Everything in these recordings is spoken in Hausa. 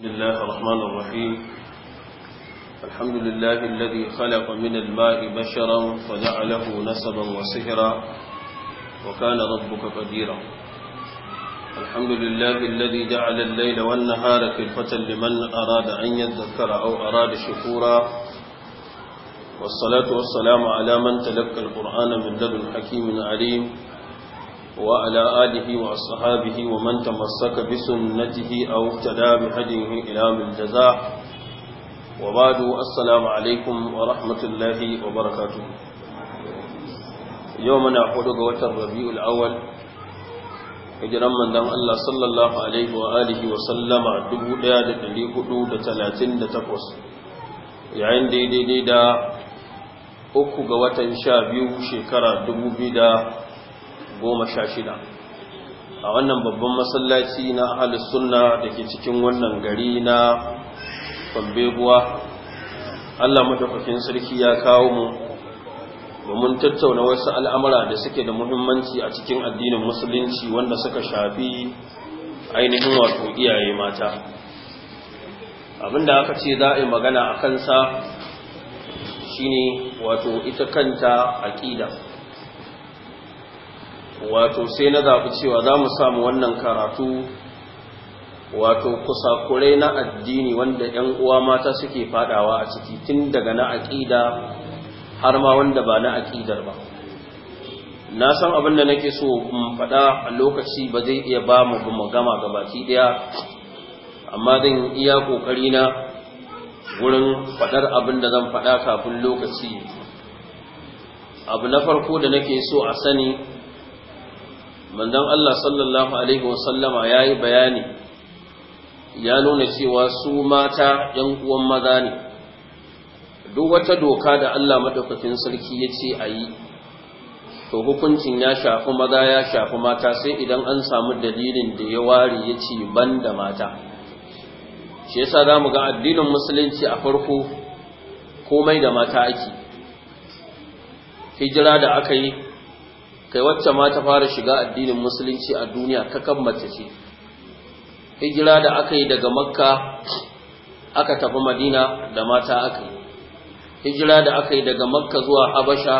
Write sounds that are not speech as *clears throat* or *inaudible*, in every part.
بسم الله الرحمن الرحيم الحمد لله الذي خلق من الماء بشرا فجعله نسبا وسهرا وكان ربك قديرا الحمد لله الذي جعل الليل والنهار كلفة لمن أراد أن يذكر أو أراد شكورا والصلاة والسلام على من تلقى القرآن من لدن حكيم عليم وعلى آله وأصحابه ومن تمسك بسنته أو اقتدى بهديه إلى من جزاء وبعد السلام عليكم ورحمة الله وبركاته يومنا حلق وتر ربيع الأول hijiran mandan Allah sallallahu Alaihi wa alihi wa sallama 1438 yayin daidai da uku ga watan sha biyu shekara 2017 goma sha shida a wannan babban masallaci na ahalus sunna da ke cikin wannan gari na kwambeguwa allah matafafin sarki ya kawo mu domin tattauna wasu al'amura da suke da muhimmanci a cikin addinin musulunci wanda suka shafi ainihin wato iyaye mata abinda aka ce za a yi magana a kansa shine wato ita kanta aƙida wato sai na zaɓi cewa za mu samu wannan karatu wato kusa kusakurai na addini wanda 'yan uwa mata suke fadawa a ciki tun daga na aƙida har ma wanda ba na aƙidar ba na san abin da nake so in faɗa a lokaci ba zai iya ba mu gama gama gabaki ɗaya amma zan iya ƙoƙari na wurin faɗar abin da zan faɗa kafin lokaci abu na farko da nake so a sani manzon Allah sallallahu alaihi wasallama yayi bayani ya nuna cewa su mata ‘yan uwan maza ne, duk wata doka da Allah maɗaukakin sarki ya ce a yi, to hukuncin ya shafi maza ya shafi mata sai idan an samu dalilin da ya ware ya ce ban da mata. Shi yasa za mu ga addinin musulunci a farko komai da mata ake, hijira da aka yi kai wacce ma ta fara shiga addinin musulunci a duniya kan mace ce hijira da aka yi daga makka aka tafi madina da mata aka yi hijira da aka yi daga makka zuwa habasha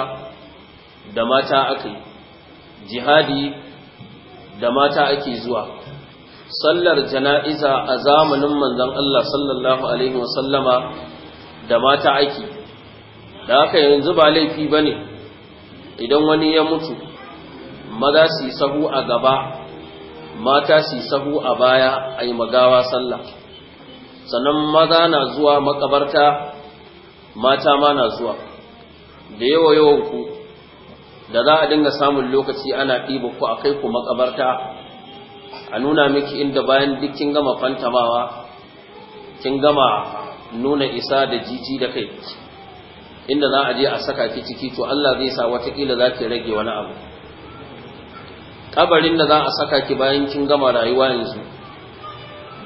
da mata aka yi jihadi da mata ake zuwa sallar jana'iza a zamanin manzon Allah sallallahu alaihi wasallama da mata ake da haka yanzu ba laifi bane idan wani ya mutu maza su sahu a gaba mata su sahu a baya a yi magawa sallah sannan maza na zuwa makabarta mata ma na zuwa da yawa yawan da za a dinga samun lokaci ana ɗiba ku a kai ku makabarta a nuna miki inda bayan duk kin gama fantamawa kin gama nuna isa da jiji da kai inda za a je a saka ki ciki to Allah zai sa watakila za ki rage wani abu kabarin da za a saka ki bayan kin gama rayuwa yanzu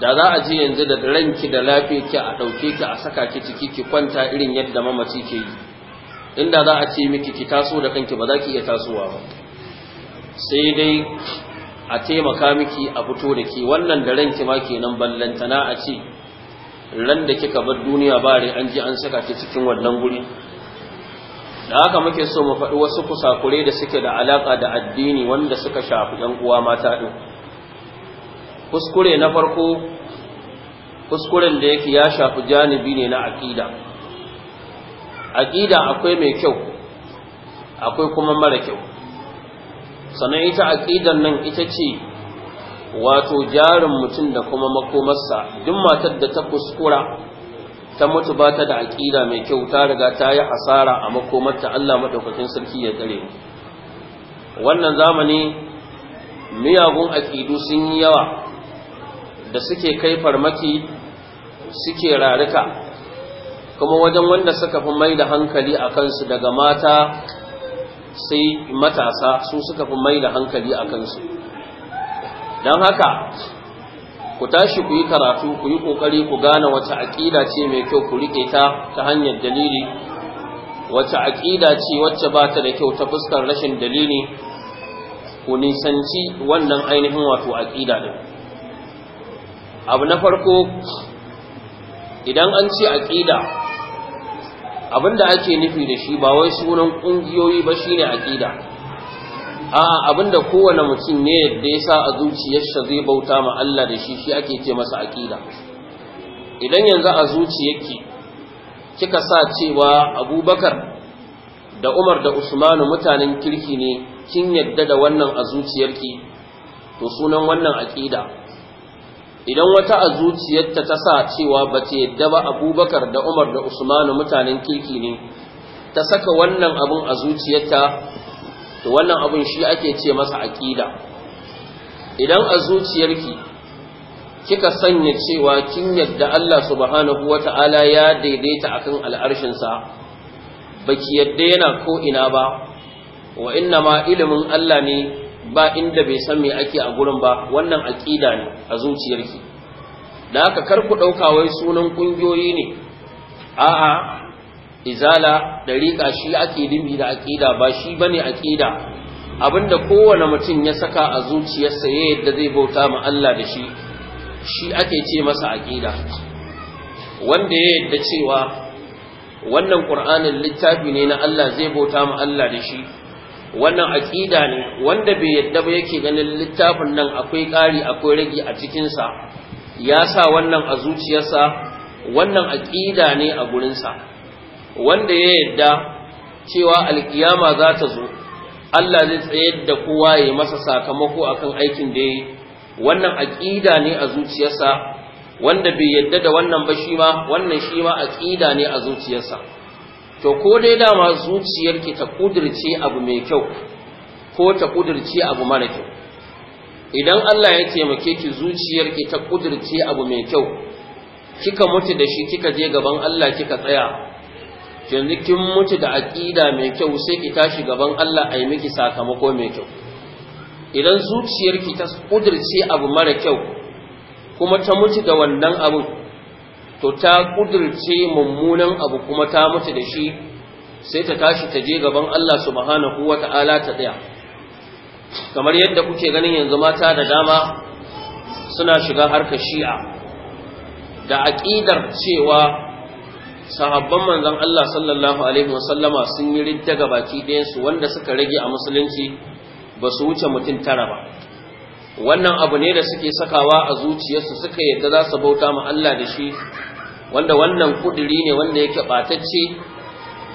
da za a ji yanzu da ranki da lafiyar a ɗauke ki a saka ki ciki ki kwanta irin yadda mamaci ke yi inda za a ce miki ki taso da kanki ba za ki iya tasowa ba sai dai a taimaka miki a fito da ke wannan da ranki ma kenan ballantana a ce ran da kika bar duniya bare an ji an saka ki cikin wannan guri da haka muke so mu faɗi wasu kusakure da suke da alaƙa da addini wanda suka shafi ‘yan uwa mata ɗin kuskure na farko kuskuren da yake ya shafi janibi ne na aƙida aƙida akwai mai kyau akwai kuma mara kyau sannan ita aƙidan nan ita ce wato jarin mutum da kuma makomarsa duk matar da ta kuskura ta mutu ba ta da aƙida mai kyau ta riga ta yi hasara a makomarta Allah maɗaukakin sarki ya dare wannan zamani miyagun aƙidu sun yi yawa da suke kai farmaki suke rarika kuma wajen wanda suka fi mai da hankali a kansu daga mata sai matasa su suka fi mai da hankali a kansu don haka ku tashi ku yi karatu ku yi ƙoƙari ku gane wata aƙida ce mai kyau ku riƙe ta ta hanyar dalili wata aƙida ce wacce ba ta da kyau ta fuskar rashin dalili ku nisanci wannan ainihin wato aƙida ɗin abu na farko idan an ce aƙida da ake nufi da shi ba wai sunan ƙungiyoyi ba shine aƙida a abinda kowane mutum ne da ya sa a zuciyarsa zai bauta ma Allah da shi shi ake ce masa aqida idan yanzu a zuciyar ki, kika sa cewa Abubakar da Umar da Usman mutanen kirki ne kin yadda da wannan a zuciyar ki, to sunan wannan aqida idan wata a zuciyarta ta sa cewa ta yadda ba Abubakar da Umar da Usman mutanen kirki ne ta saka wannan abun a zuciyarta to wannan abin shi ake ce masa aƙida idan a zuciyarki kika sanya cewa kin yadda Allah subhanahu wata'ala ya daidaita akan al'arshinsa baki yadda yana ko ina ba wa inna ma ilimin Allah ne ba inda bai san me ake a gurin ba wannan aƙida ne a zuciyarki da haka kar ku ɗauka wai sunan ƙungiyoyi ne a'a izala dariƙa shi ake dimbi da aƙida ba shi bane aƙida abinda kowane mutum ya saka a zuciyarsa ya yadda zai bauta ma Allah da shi shi ake ce masa aƙida wanda ya yadda cewa wannan ƙur'anin littafi ne na Allah zai bauta ma Allah da shi wannan aƙida ne wanda bai yadda ba yake ganin littafin nan akwai ƙari akwai rage a cikinsa ya sa wannan a zuciyarsa wannan aƙida ne a gurinsa wanda ya yadda cewa alkiyama za ta zo Allah zai tsayar da kowa ya masa sakamako akan aikin da ya yi wannan aƙida ne a zuciyarsa wanda bai yadda da wannan ba shi ma wannan shi ma aƙida ne a zuciyarsa to ko dai dama zuciyarki ta kudirce abu mai kyau ko ta kudirce abu mara kyau idan Allah ya taimake ki zuciyarki ta kudirce abu mai kyau kika mutu da shi kika je gaban Allah kika tsaya yanzu kin mutu da aƙida mai kyau sai ki tashi gaban Allah a yi miki sakamako mai kyau idan zuciyarki ta ƙudirce abu mara kyau kuma ta mutu da wannan abu to ta ƙudirce mummunan abu kuma ta mutu da shi sai ta tashi ta je gaban Allah subhanahu wa ta'ala ta ɗaya. kamar yadda kuke ganin yanzu mata da dama suna shiga harkar shi'a da aƙidar cewa sahabban manzon Allah sallallahu alaihi wasallama sun yi ridda ga baki ɗayansu wanda suka rage a musulunci ba su wuce mutum tara ba wannan abu ne da suke sakawa a zuciyarsu suka yadda za su bauta ma Allah da shi wanda wannan kuduri ne wanda yake batacce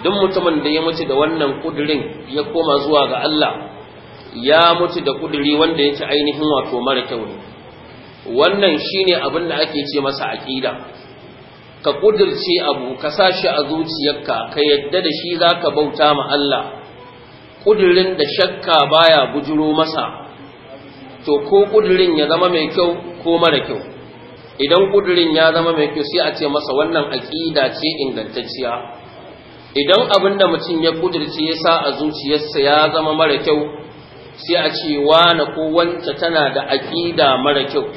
duk mutumin da ya mutu da wannan kudirin ya koma zuwa ga Allah ya mutu da kuduri wanda yake ainihin wato mara kyau ne wannan shine abin da ake ce masa aqida ka ƙudurce abu ka sa shi a zuciyarka ka yadda da shi za ka bauta ma Allah ƙudurin da shakka baya bujuro masa to ko ƙudurin ya zama mai kyau ko mara kyau idan ƙudurin ya zama mai kyau sai a ce masa wannan aƙida ce ingantacciya idan abin da mutum ya ƙudurce ya sa a zuciyarsa ya zama mara kyau sai a ce wane ko wancan tana da aƙida mara kyau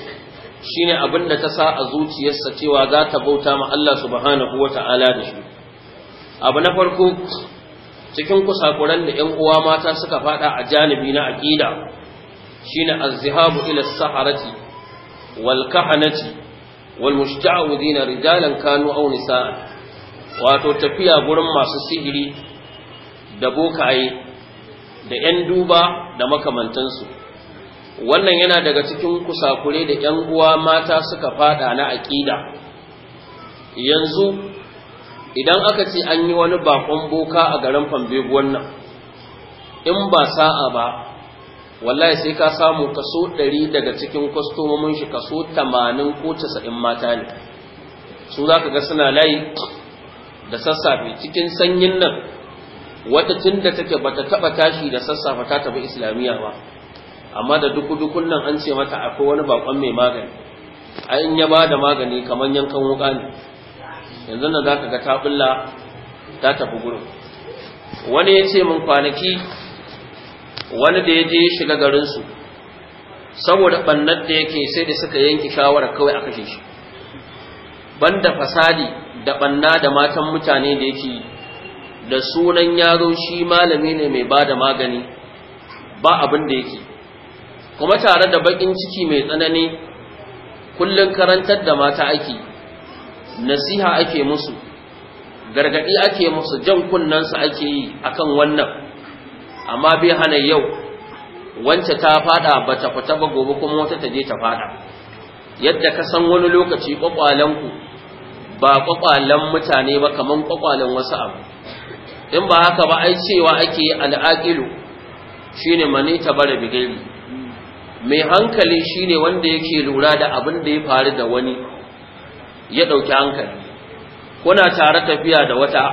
shine abin da ta sa a zuciyarsa cewa za ta bauta ma Allah subhanahu wa ta'ala da shi abu na farko cikin kusakuran da ƴan uwa mata suka fada a janibi na aqida shine az-zihabu ila saharati wal kahanati wal rijalan kanu aw nisaa wato tafiya gurin masu sihiri da bokaye da ƴan duba da makamantansu wannan yana daga cikin kusakure da ‘yan uwa mata suka fada na aƙida yanzu idan aka ce an yi wani bakon boka a garin fambeguwan nan in ba sa'a ba wallahi sai ka samu kaso ɗari daga cikin kwastomomin shi kaso tamanin ko casa'in mata ne su za ka ga suna layi da sassafe cikin sanyin nan wata tun da take bata taɓa tashi da sassafe ta tafi islamiyya ba amma da duk dukun nan an ce mata akwai wani bakon mai magani a in ya ba da magani kamar yankan wuka ne yanzu nan za ka ga ta ta tafi gurin wani ya ce min kwanaki wani da ya je shiga garinsu saboda ɓannar da yake sai da suka yanki shawara kawai a kashe shi banda fasadi da ɓanna da matan mutane da yake da sunan yaro shi malami ne mai ba da magani ba abin da yake kuma tare da bakin ciki mai tsanani kullun karantar da mata ake nasiha ake musu gargadi ake musu jan su ake yi akan wannan amma bai hana yau wance ta fada bata fita ba gobe kuma wata ta je ta fada yadda ka san wani lokaci kwakwalenku ba kwakwalen mutane ba kaman kwakwalen wasu abu in ba haka ba ai cewa ake al'aqilu shine mani bare bigiri mai hankali shine wanda yake lura da abin da ya faru da wani ya ɗauki hankali kuna tare tafiya da wata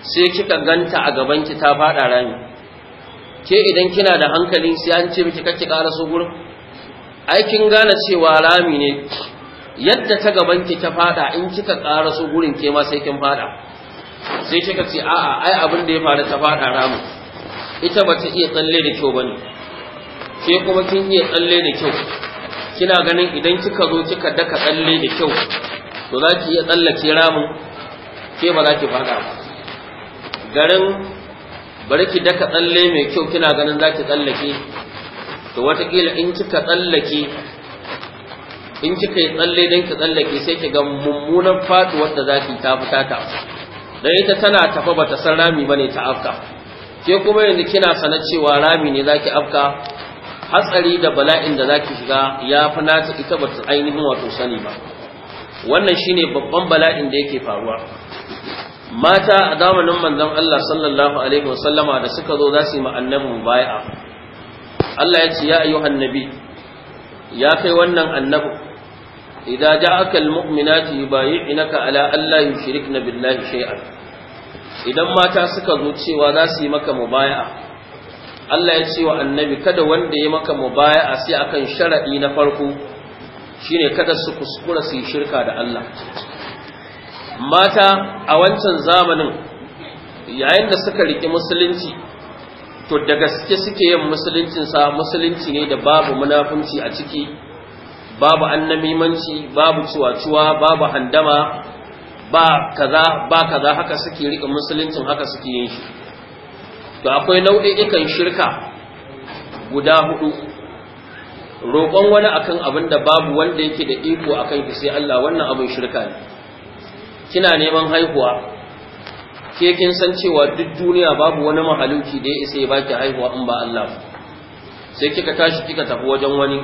sai kika ganta a gabanki ta faɗa rami ke idan kina da hankali sai an ce miki kake ƙara so gurin aikin gane cewa rami ne yadda ta gabanki ta faɗa in kika ƙara so gurin ke ma sai kin faɗa sai kika ce a'a ai abin da ya faru ta faɗa rami. ita bata iya tsalle da kyau bane ke kuma kin iya tsalle da kyau kina ganin idan kika zo kika daka tsalle da kyau to za ki iya tsallake ramin ke ba za ki fada ba garin bari ki daka tsalle mai kyau kina ganin za ki tsallake to watakila in kika tsallake in kika yi tsalle don ki tsallake sai ki ga mummunan faduwar da za ki ta fita ta dan ita tana tafa bata san rami bane ta afka ke kuma yanzu kina sanar cewa rami ne zaki afka hatsari da bala'in da zaki shiga ya fi nata ita ba ainihin wato sani ba wannan shine babban bala'in da yake faruwa mata a zamanin manzon Allah sallallahu alaihi da suka zo za su yi ma annabi mubai'a Allah ya ce ya ayyuhan Annabi ya kai wannan annabi idza ja'aka almu'minatu yubayyi'unaka ala alla yushrikna billahi shay'an idan mata suka zo cewa za su yi maka mubaya'a Allah ya ce wa annabi kada wanda ya maka mu a sai akan sharaɗi na farko shine kada su kuskura su yi shirka da Allah mata a wancan zamanin yayin da suka riki musulunci to da gaske suke yin musuluncin sa musulunci ne da babu munafunci a ciki babu annamimanci babu cuwacuwa, babu handama ba kaza ba kaza haka suke rika musuluncin haka suke yin shi to akwai nau'i'ikan shirka guda hudu roƙon wani akan abin da babu wanda yake da iko akan ki sai Allah wannan abin shirka ne kina neman haihuwa ke kin san cewa duk duniya babu wani mahaluki da ya isa ya baki haihuwa in ba Allah sai kika tashi kika tafi wajen wani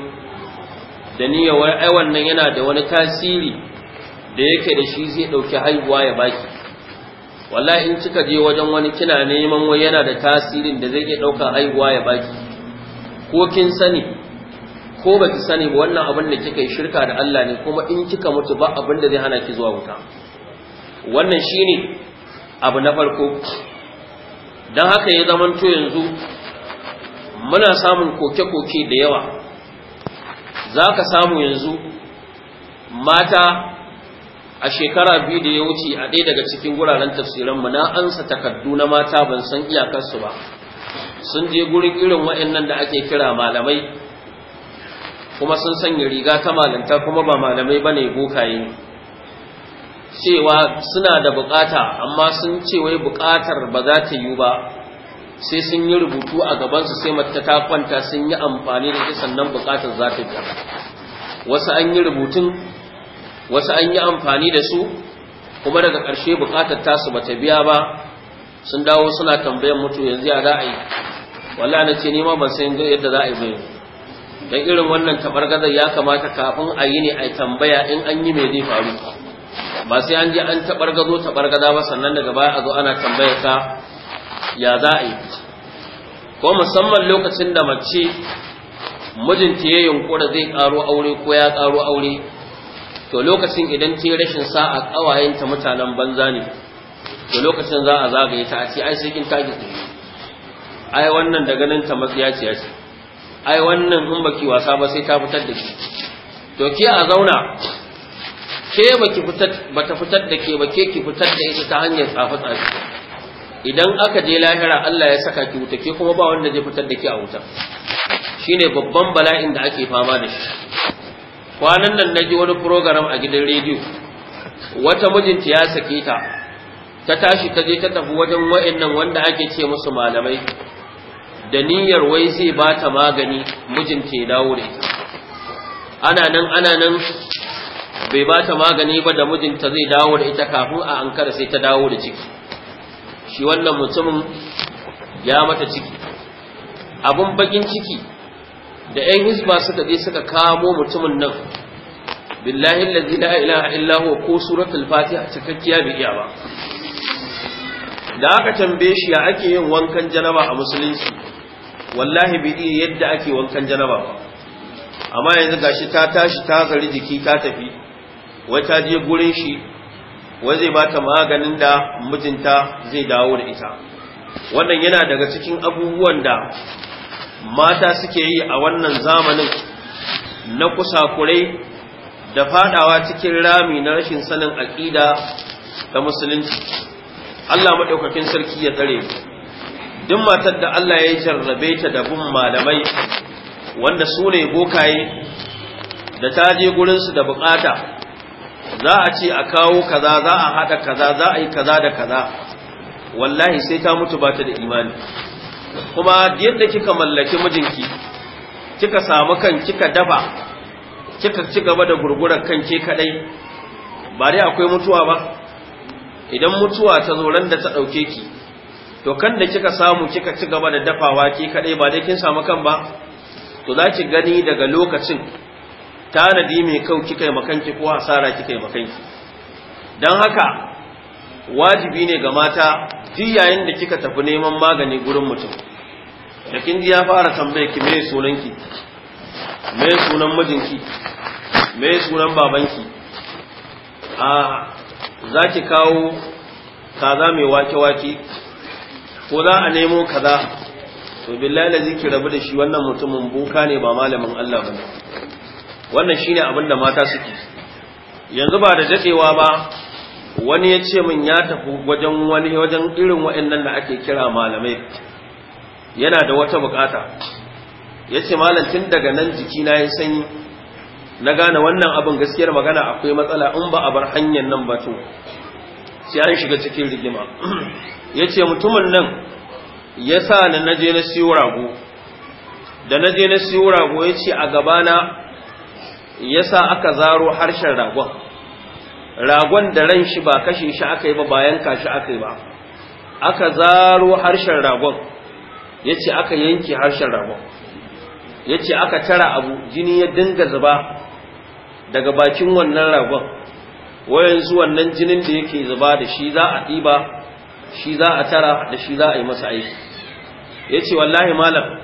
da niyyar ai wannan yana da wani tasiri da yake da shi zai dauki haihuwa ya baki wallahi in kika je wajen wani kina neman wai yana da tasirin da zai iya ɗaukar haihuwa ya baki ko kin sani ko baki sani ba wannan abin da kika yi shirka da Allah ne kuma in kika mutu ba abin da zai hana ki zuwa wuta wannan shine abu na farko dan haka ya zamanto yanzu muna samun koke-koke da yawa za ka samu yanzu mata a shekara biyu da ya wuce a ɗaya daga cikin guraren wuraren mu na ansa takardu na mata ban san iyakarsu ba sun je gurin irin waɗannan da ake kira malamai kuma sun sanya riga ta malanta kuma ba malamai ba ne bokaye cewa suna da bukata amma sun ce wai bukatar ba za ta yiwu ba sai sun yi rubutu a gabansu sai mata ta kwanta sun yi amfani da ita sannan bukatar za ta wasu an yi rubutun wasu an yi amfani da su kuma daga ƙarshe bukatar tasu bata biya ba sun dawo suna tambayan mutu yanzu ya za a yi walla na ce nima ban san yadda za a yi bayan don irin wannan tabargazar ya kamata kafin a yi ne a tambaya in an yi mai zai faru ba sai an je an tabargazo tabargaza ba sannan daga baya a zo ana tambaya ta, ya za a yi ko musamman lokacin da mace mijinta ya yunkura zai karo aure ko ya karo aure to lokacin idan ta rashin sa'a ƙawayenta mutanen banza ne to lokacin za a zagaye ta a ce ai sai kin tashi ku ai wannan da ganin ta matsiya ce ai wannan in baki wasa ba sai ta fitar da ki to ke a zauna ke baki fitar ta fitar da ke ba ke ki fitar da ita ta hanyar tsafa tsafi idan aka je lahira Allah ya saka ki wuta ke kuma ba wanda zai fitar da ke a wuta shine babban bala'in da ake fama da shi kwanan nan na ji wani program a gidan rediyo wata mijinta ya sake ta ta tashi ta je ta tafi wajen wa'annan wanda ake ce musu malamai da niyyar wai zai ba ta magani mijinta ya dawo da ita ana nan ana nan bai ba ta magani ba da mijinta zai dawo da ita kafin a ankara sai ta dawo da ciki shi wannan mutumin ya mata ciki abun bakin ciki da ‘yan hisba suka je suka kamo mutumin nan billahi lalzi la ilaha illahu ko suratul fatiha cikakkiya bai iya ba da aka tambaye shi ya ake yin wankan janaba a musulunci wallahi bai iya yadda ake wankan janaba ba amma yanzu gashi ta tashi ta zari jiki ta tafi wai ta je gurin shi wai zai ba maganin da mijinta zai dawo da ita wannan yana daga cikin abubuwan da mata suke yi a wannan zamanin na kusakurai da fadawa cikin rami na rashin sanin aƙida ta musulunci Allah maɗaukakin sarki ya tsare duk matar da Allah ya yi jarrabe ta da bin malamai wanda su ne bokaye da ta je gurinsu da bukata za a ce a kawo kaza za a haɗa kaza za a yi kaza da kaza wallahi sai ta mutu ba ta da imani kuma yadda kika mallaki mijinki kika samu kan kika dafa kika ci gaba da gurgurar kan ke kadai ba dai akwai mutuwa ba idan mutuwa ta zo ran da ta dauke ki to kan da kika samu kika ci gaba da dafawa ke kadai ba dai kin samu kan ba to zaki gani daga lokacin tanadi mai kau kika yi makanki ko asara kika yi makanki don haka wajibi ne ga mata duk yayin da kika tafi neman magani gurin mutum da kin ji ya fara tambaye ki me sunan ki me sunan mijinki me sunan babanki a za ki kawo kaza mai wake-wake ko za a nemo kaza to billahi lazi ki rabu da shi wannan mutumin boka ne ba malamin Allah bane wannan shine abin da mata suke yanzu ba da dadewa ba wani ya ce min ya tafi wajen wani wajen irin waɗannan da ake kira malamai yana da wata bukata ya ce tun daga nan jikina ya sanyi na gane wannan abin gaskiyar magana akwai matsala in ba a bar hanyar nan ba to sai an shiga cikin rigima *clears throat* ya ce mutumin nan ya sa na naje na siyo rago da naje na siyo rago ya ce a gabana ya sa aka zaro harshen ragon ragon da ran shi ba kashe shi aka yi ba bayan kashi aka yi ba aka zaro harshen ragon ya ce aka yanke harshen ragon ya ce aka tara abu jini ya dinga zuba daga bakin wannan ragon wayanzu wannan jinin da yake zuba da shi za a ɗiba shi za a tara da shi za a yi masa aiki ya ce wallahi malam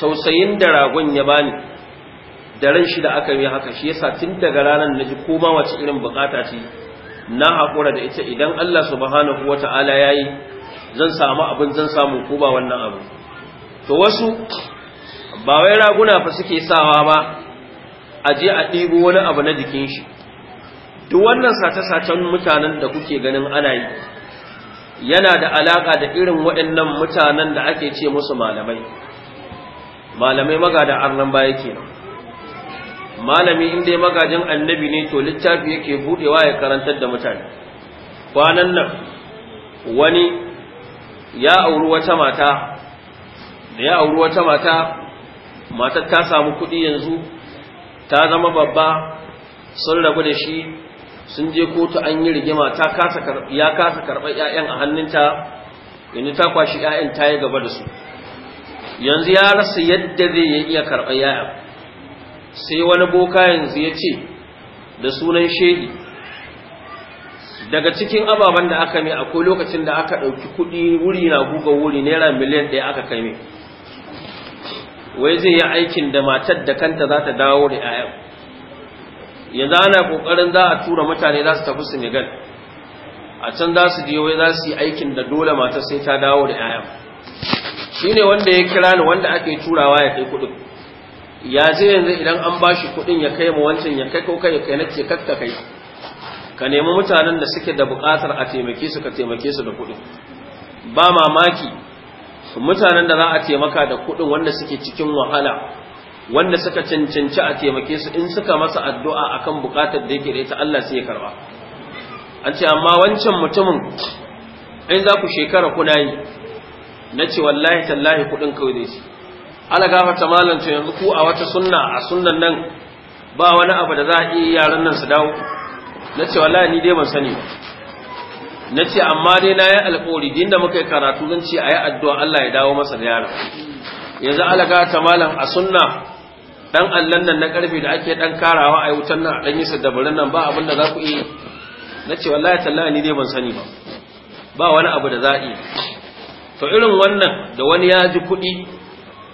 tausayin da ragon ya bani da ran shi da aka yi haka shi yasa tun daga ranar na ji koma wace irin bukata ce na haƙura da ita idan Allah subhanahu wata'ala ya yi zan samu abin zan samu ko ba wannan abu to wasu ba wai raguna fa suke sawa ba a je a ɗibo wani abu na jikin shi duk wannan sace-sacen mutanen da kuke ganin ana yi yana da alaƙa da irin waɗannan mutanen da ake ce musu malamai malamai magada arnan baya kenan malami in dai magajin annabi ne to littafi yake budewa ya karantar da mutane kwanan nan wani ya auri wata mata da ya auri wata mata matar ta samu kuɗi yanzu ta zama babba sun rabu da shi sun je kotu an yi rigima ya kasa karɓar 'ya'yan a hannunta yanzu ta kwashi 'ya'yan ta yi gaba da su yanzu ya rasa yadda zai iya karɓar 'ya'yan. sai wani boka yanzu ya ce da sunan shehi daga cikin ababen da aka mai akwai lokacin da aka ɗauki kuɗi wuri na guga wuri naira miliyan ɗaya aka kai mai wai zai yi aikin da matar da kanta za ta dawo da 'ya'yan yanzu ana ƙoƙarin za a tura mutane za su tafi senegal a can za su je wai za su yi aikin da dole matar sai ta dawo da 'ya'yan shi ne wanda ya kira ni wanda ake turawa ya kai kuɗin ya zai yanzu idan an ba shi kuɗin ya kai mu wancan ya kai ko kai ya kai na ce kakka kai ka nemi mutanen da suke da bukatar a taimake su ka taimake su da kuɗi. ba mamaki mutanen da za a taimaka da kuɗin wanda suke cikin wahala wanda suka cancanci a taimake su in suka masa addu'a a kan bukatar da yake da ita Allah sai ya karba an ce amma wancan mutumin in za ku shekara kuna yi na ce wallahi tallahi kuɗin kawai zai ala gafarta malam to yanzu ku a wata sunna a sunnan nan ba wani abu da za a iya yaran nan su dawo na ce wallahi ni dai ban sani ba na ce amma dai na yi alƙawari din da muka yi karatu zan ce a yi addu'a Allah ya dawo masa da yaran yanzu ala gafarta malam a sunna dan allan nan na karfe da ake dan karawa a wutan nan a dan yi sadabarin nan ba abin da za ku iya na ce wallahi tallahi ni dai ban sani ba ba wani abu da za a iya to irin wannan da wani ya ji kuɗi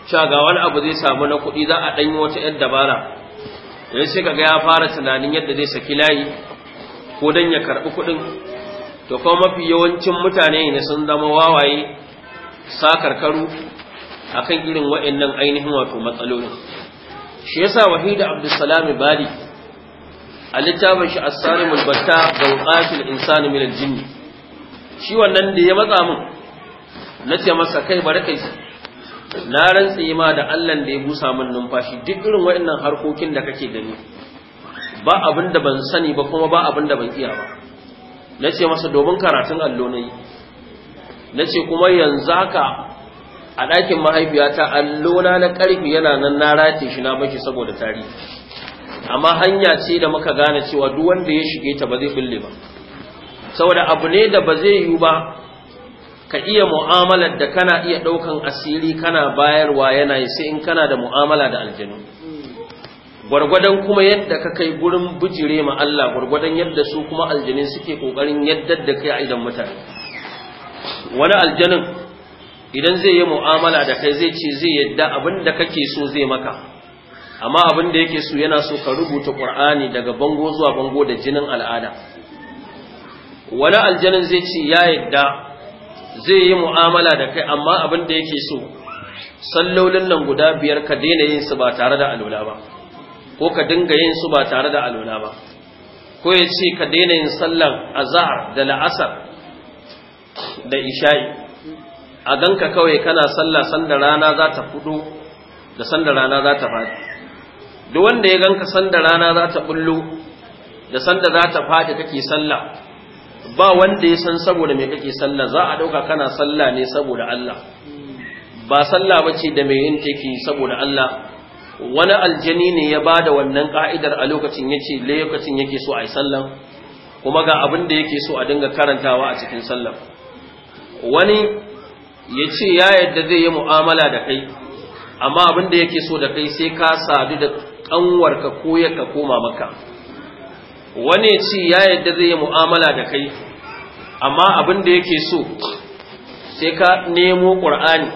cewa ga wani abu zai samu na kuɗi za a ɗan yi wata ‘yan dabara yanzu sai kaga ya fara tunanin yadda zai saki layi ko don ya karɓi kuɗin to kuma mafi yawancin mutane ne sun zama wawaye sakar a kan irin wa'annan ainihin wato matsaloli. shi ya yasa wahida abdulsalam bali a littafin shi as mulbata ga zawqatul insani min al shi wannan da ya matsa mun ce masa kai bari kai na rantse ma da Allah da ya busa min numfashi duk irin waɗannan harkokin da kake gani ba abin da ban sani ba kuma ba abin da ban iya ba na ce masa domin karatun allo na yi na ce kuma yanzu haka a ɗakin mahaifiyata allona na ƙarfi yana nan na rate shi na mashi saboda tarihi amma hanya ce da muka gane cewa duk wanda ya shige ta ba zai bulle ba saboda abu ne da ba zai yiwu ba ka iya mu'amalar da kana iya ɗaukan asiri kana bayarwa yana yi sai in kana da mu'amala da aljanu gwargwadon kuma yadda ka kai gurin bujire ma Allah gwargwadon yadda su kuma aljanu suke kokarin yadda da kai a idan mutane wani aljanin idan zai yi mu'amala da kai zai ce zai yadda abin da kake so zai maka amma abin da yake so yana so ka rubuta Qur'ani daga bango zuwa bango da jinin al'ada wani aljanin zai ce ya yadda zai yi mu'amala da kai amma abin da yake so sallolin nan guda biyar ka daina yin su ba tare da alola ba ko ka dinga yin su ba tare da alola ba ko ya ce ka daina yin sallan azhar da la'asar da isha'i a ganka kawai kana sallah sanda rana za ta fudo da sanda rana za ta fadi duk wanda ya ganka sanda rana za ta bullo da sanda za ta fadi kake sallah ba wanda ya san saboda mai kake sallah za a dauka kana sallah ne saboda Allah ba sallah bace da mai yin take saboda Allah wani aljani ne ya bada wannan ka'idar a lokacin yace lokacin yake so ai sallah kuma ga abin da yake so a dinga karantawa a cikin sallah wani yace ya yadda zai yi mu'amala da kai amma abin da yake so da kai sai ka sadu da kanwarka ko ya ka koma maka wani ci ya yadda zai yi mu'amala da kai amma abin da yake so sai ka nemo ƙur'ani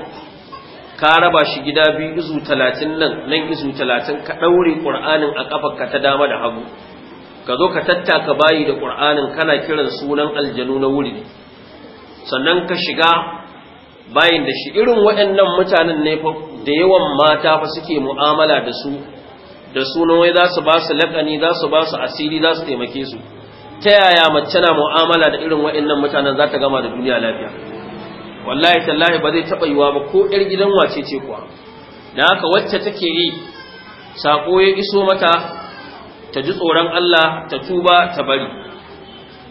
ka raba shi gida biyu izu talatin nan nan izu talatin ka ɗaure ƙur'anin a ƙafar ka ta dama da hagu ka zo ka tattaka bayi da ƙur'anin kana kiran sunan aljanu na wuri sannan ka shiga bayin da shi irin waɗannan mutanen ne da yawan mata fa suke mu'amala da su da sunan wai za su ba su laƙani za su ba su asiri za su taimake su ta yaya mace na mu'amala da irin waɗannan mutanen za ta gama da duniya lafiya wallahi tallahi ba zai taɓa yiwa ba ko ƴar gidan wace ce kuwa da haka wacce take yi saƙo ya iso mata ta ji tsoron Allah ta tuba ta bari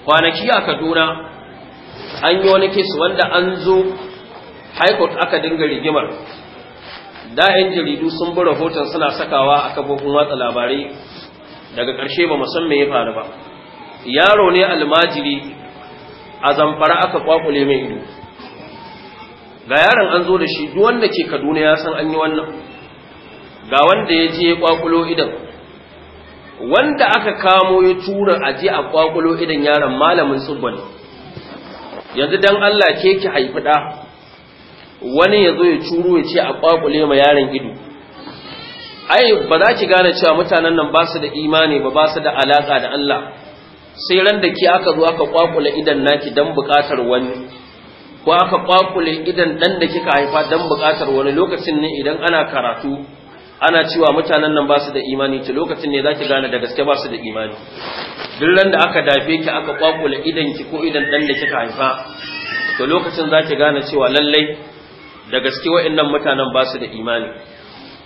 kwanaki a Kaduna an yi wani kes wanda an zo high aka dinga rigimar da 'yan jaridu sun bi rahoton suna sakawa a kafofin watsa labarai daga ƙarshe ba san me ya faru ba yaro ne almajiri a zamfara aka kwakule mai ido ga yaron an zo da shi duk wanda ke kaduna ya san an yi wannan ga wanda ya je ya kwakulo idan wanda aka kamo ya tura a je a kwakulo idan yaron malamin tsubban yanzu don Allah ke ki haifi ɗa wani ya zo ya curu ya ce a kwakule ma yaron ido ai ba za ki gane cewa mutanen nan ba su da imani ba ba su da alaƙa da Allah sai ran da ki aka zo aka kwakule idan naki dan buƙatar wani ko aka kwakule idan dan da kika haifa dan buƙatar wani lokacin ne idan ana karatu ana cewa mutanen nan ba su da imani ta lokacin ne za ki gane da gaske ba su da imani duk ran da aka dafe ki aka kwakule idan ki ko idan dan da kika haifa to lokacin za ki gane cewa lallai da gaske wa'annan mutanen ba su da imani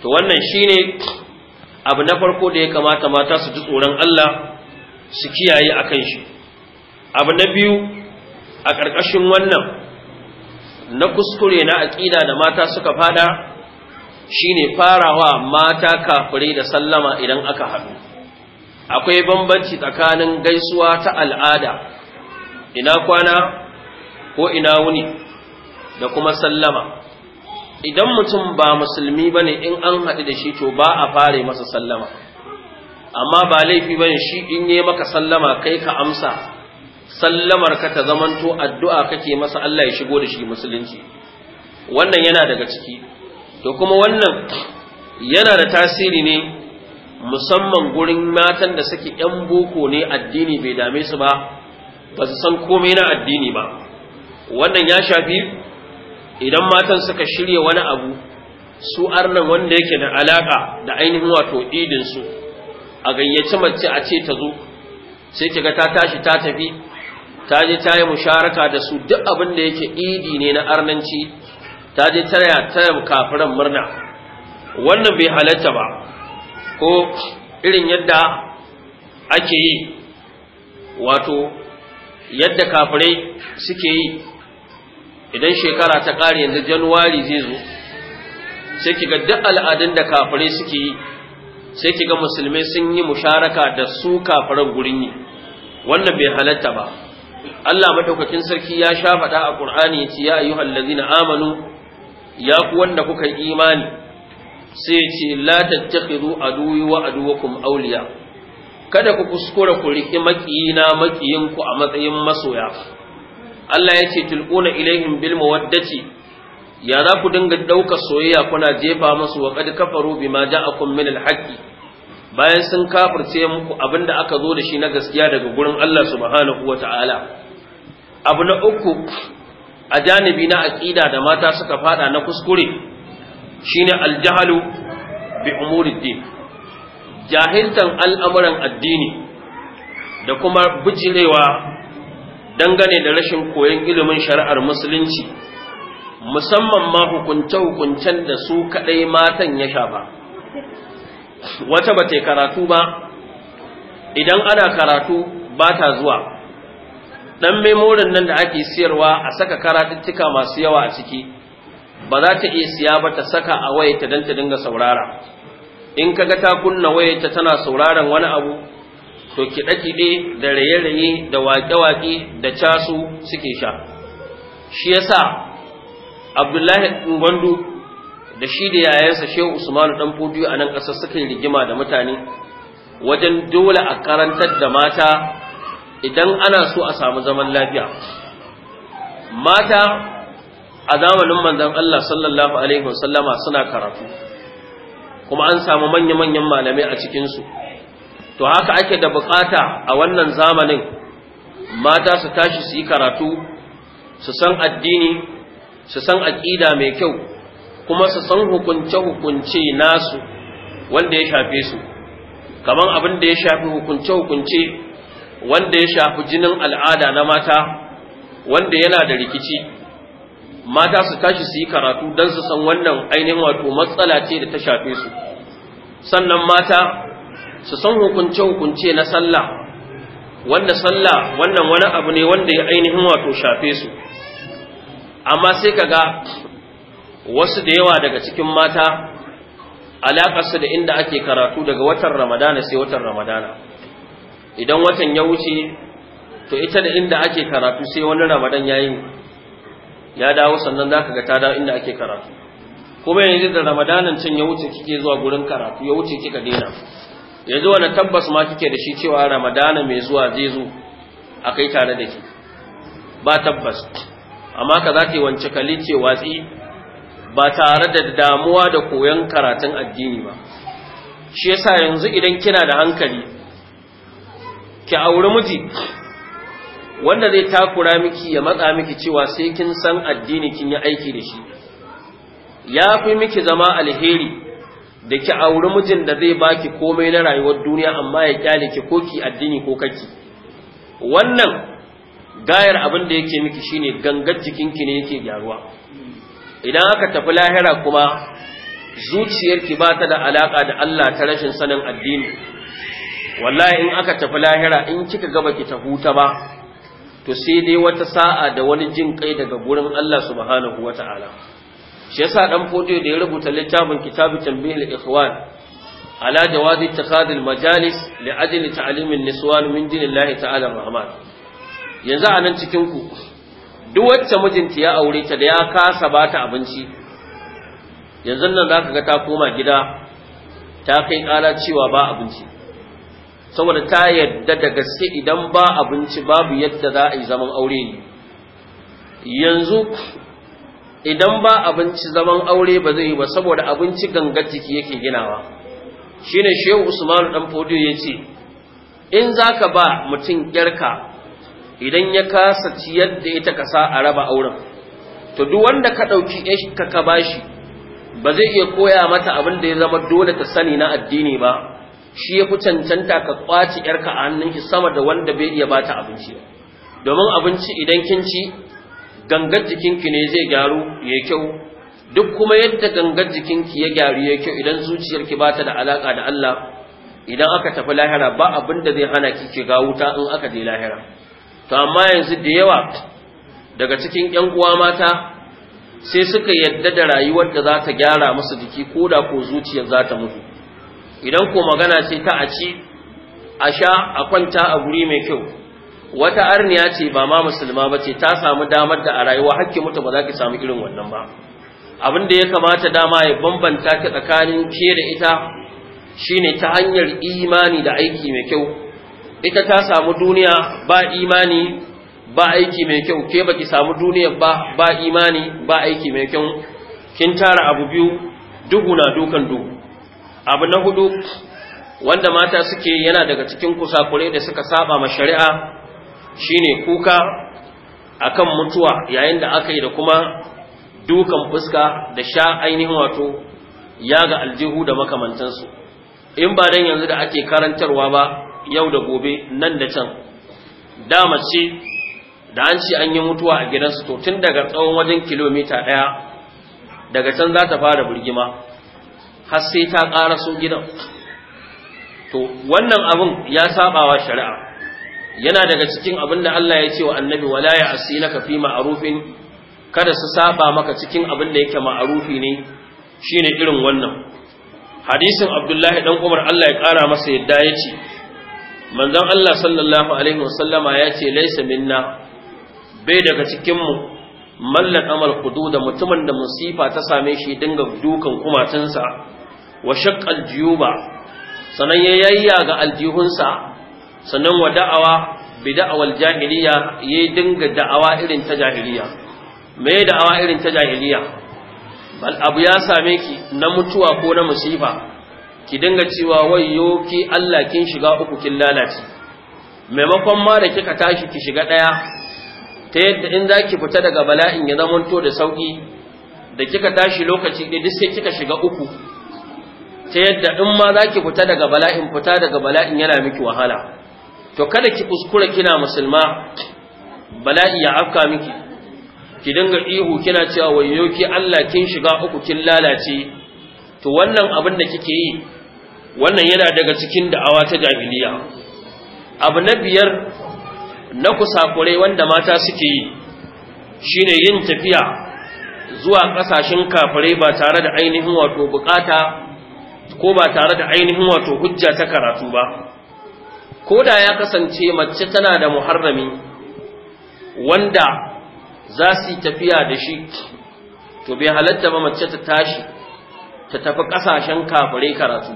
to wannan shine abu na farko da ya kamata mata su ji tsoron Allah su kiyaye akan shi abu na biyu a ƙarƙashin wannan na kuskure na aƙida da mata suka fada shine farawa mata kafure da sallama idan aka haɗu akwai bambanci tsakanin gaisuwa ta al'ada ina kwana ko ina wuni da kuma sallama idan mutum ba musulmi ba ne in an haɗu da shi to ba a fare masa sallama amma ba laifi ba ne shi in yi maka sallama kai ka amsa sallamar ka ta zamanto addu'a kake masa Allah ya shigo da shi musulunci wannan yana daga ciki to kuma wannan yana da tasiri ne musamman gurin matan da suke ‘yan boko ne addini bai dame su ba ba su san komai na addini ba wannan ya shafi idan matan suka shirya wani abu su arnan wanda yake da alaka da ainihin wato idin su a gayyaci mace a ce ta zo sai kiga ta tashi ta tafi ta je ta yi musharaka da su duk abin da yake idi ne na arnanci ta je tana taya kafiran murna wannan bai halatta ba ko irin yadda ake yi wato yadda kafirai suke yi idan shekara ta ƙari yanzu januwari zai zo sai kiga duk al'adun da kafirai suke yi sai kiga musulmai sun yi musharaka da su kafiran gurin yi wannan bai halatta ba Allah madaukakin sarki ya sha faɗa a Qur'ani ya ce ya ayyuhal ladzina amanu ya ku wanda kuka yi imani sai ya ce la tattakhidu aduwi wa aduwakum awliya kada ku kuskura ku riki makiyina makiyinku a matsayin masoya Allah ya ce tulquna ilaihim bil mawaddati ya za ku dinga ɗaukar soyayya kuna jefa musu wa qad kafaru bima ja'akum min al haqqi bayan sun kafirce muku abinda aka zo da shi na gaskiya daga gurin Allah subhanahu wata'ala abu na uku a janibi na aqida da mata suka fada na kuskure shine aljahalu bi din jahiltan al'amuran addini da kuma bijirewa dangane da rashin koyon ilimin shari'ar musulunci musamman ma hukunce-hukuncen da su kaɗai matan ya shafa wata ba ta karatu ba idan ana karatu ba ta zuwa ɗan memorin nan da ake siyarwa a saka karatuttuka masu yawa a ciki ba za ta iya siya ba ta saka a wayata don ta dinga saurara in kaga ta kunna wayata tana sauraron wani abu to kiɗe-kiɗe da raye-raye da waƙe-waƙe da casu suke sha shi yasa abdullahi gwandu da shi da yayansa shehu usmanu ɗan fodiyo a nan ƙasar suka rigima da mutane wajen dole a karantar da mata idan ana so a samu zaman lafiya mata a zamanin manzon Allah sallallahu alaihi wasallama suna karatu kuma an samu manya-manyan malamai a cikinsu to haka ake da bukata a wannan zamanin mata su tashi su yi karatu su san addini su san aƙida mai kyau kuma su san hukunce-hukunce nasu wanda ya shafe su kamar abin da ya shafi hukunce-hukunce wanda ya shafi jinin al'ada na mata wanda yana da rikici mata su tashi su yi karatu don su san wannan ainihin wato matsala ce da ta shafe su sannan mata su san hukunce-hukunce na sallah wanda sallah wannan wani abu ne wanda ya ainihin wato shafe su amma sai ka ga wasu da yawa daga cikin mata alaƙarsu da inda ake karatu daga watan ramadana sai watan ramadana idan watan ya wuce to ita da inda ake karatu sai wani ramadan ya yi ya dawo sannan za ka ga ta dawo inda ake karatu kuma yanzu da ramadanan can ya wuce kike zuwa gurin karatu ya wuce kika daina yanzu wani tabbas ma kike da shi cewa ramadana mai zuwa zai zo a kai tare da ke ba tabbas amma ka za ka yi wance kalice watsi ba tare da damuwa da koyon karatun addini ba shi yasa yanzu idan kina da hankali ki auri miji wanda zai takura miki ya matsa miki cewa sai kin san addini kin yi aiki da shi ya fi miki zama alheri da ki auri mijin da zai baki komai na rayuwar duniya amma ya kyale ki ko ki addini ko kaki wannan gayar abin da yake miki shine gangar ki ne yake gyaruwa idan aka tafi lahira kuma zuciyarki ba ta da alaka da Allah ta rashin sanin addini wallahi in aka tafi lahira in kika ga baki ta huta ba to sai dai wata sa'a da wani jin kai daga gurin Allah subhanahu wataala shi yasa dan fodiyo da ya rubuta littafin kitabu tanbihil ikhwan ala jawazi ittikhadil majalis li ajli ta'limin niswan min dinillahi ta'ala rahman yanzu anan cikin ku duk wacce mijinta ya aure ta da ya kasa ba ta abinci yanzu nan zaka ga ta koma gida ta kai kala cewa ba abinci saboda ta yadda da gaske idan ba abinci babu yadda za a yi zaman aure ne yanzu idan ba abinci zaman aure ba zai yi ba saboda abinci ganga ciki yake ginawa shine shehu Usman dan fodiyo ya ce in za ka ba mutum yarka idan ya kasa ciyar da ita kasa a raba auren to duk wanda ka ɗauki ka ka bashi ba zai iya koya mata abin da ya zama dole ta sani na addini ba shi ya fi cancanta ka kwaci yarka a hannun sama da wanda bai iya ta abinci domin abinci idan kin ci gangar jikinki ne zai gyaru ya kyau duk kuma yadda gangar jikinki ya gyaru ya kyau idan zuciyarki ba ta da alaka da Allah idan aka tafi lahira ba abin da zai hana ki ki ga wuta in aka je lahira to amma yanzu da yawa daga cikin ƴan uwa mata sai suka yadda da rayuwar da za ta gyara musu jiki ko da ko zuciyar za ta mutu idan ko magana sai ta a ci a sha a kwanta a guri mai kyau wata arniya ce ba ma musulma ba ce ta samu damar da a rayuwa hakki mutu ba za ki samu irin wannan ba abin da ya kamata dama ya bambanta ta tsakanin ke da ita shine ta hanyar imani da aiki mai kyau ita ta samu duniya ba imani ba aiki mai kyau ke baki samu duniya ba ba imani ba aiki mai kyau kin tara abu biyu duhu na dukan duhu abu na hudu wanda mata suke yana daga cikin kusakure da suka saba ma shari'a shine kuka akan mutuwa yayin da aka yi da kuma dukan fuska da sha ainihin wato ya ga aljihu da makamantansu in ba dan yanzu da ake karantarwa ba yau da gobe nan da can da mace da an ce an yi mutuwa a gidansu to tun daga tsawon wajen kilomita ɗaya daga can za ta fara burgima har sai ta ƙaraso gidan to wannan abin ya saɓawa shari'a yana daga cikin abin da Allah ya ce wa annabi wala ya asinaka fi ma'arufin, kada su saba maka cikin abin da yake ma'arufi ne shine irin wannan hadisin Abdullahi dan Umar Allah ya kara masa yadda ya ce manzon Allah sallallahu alaihi wasallama ya ce laysa minna bai daga cikin mu mallan amal da mutumin da musifa ta same shi dinga dukan kumatunsa wa shaqqal juyuba sanan ya ga aljihunsa sannan wa da'awa bi da'awal jahiliya yayi dinga da'awa irin ta jahiliya me da'awa irin ta jahiliya bal abu ya same ki na mutuwa ko na musiba ki dinga cewa wayyo ki Allah kin shiga uku kin lalace maimakon ma da kika tashi ki shiga daya ta yadda in zaki fita daga bala'in ya zamanto da sauki da kika tashi lokaci da duk sai kika shiga uku ta yadda in ma zaki fita daga bala'in fita daga bala'in yana miki wahala to kada ki kuskura kina musulma bala'i ya afka miki ki dinga ihu kina cewa wayo ki Allah kin shiga uku kin lalace to wannan abin da kike yi wannan yana daga cikin da'awa ta jahiliya abu na biyar na kusakure wanda mata suke yi shine yin tafiya zuwa kasashen kafirai ba tare da ainihin wato bukata ko ba tare da ainihin wato hujja ta karatu ba ko da ya kasance mace tana da muharrami wanda za su tafiya da shi to bai halatta ba mace ta tashi ta tafi kasashen kafare karatu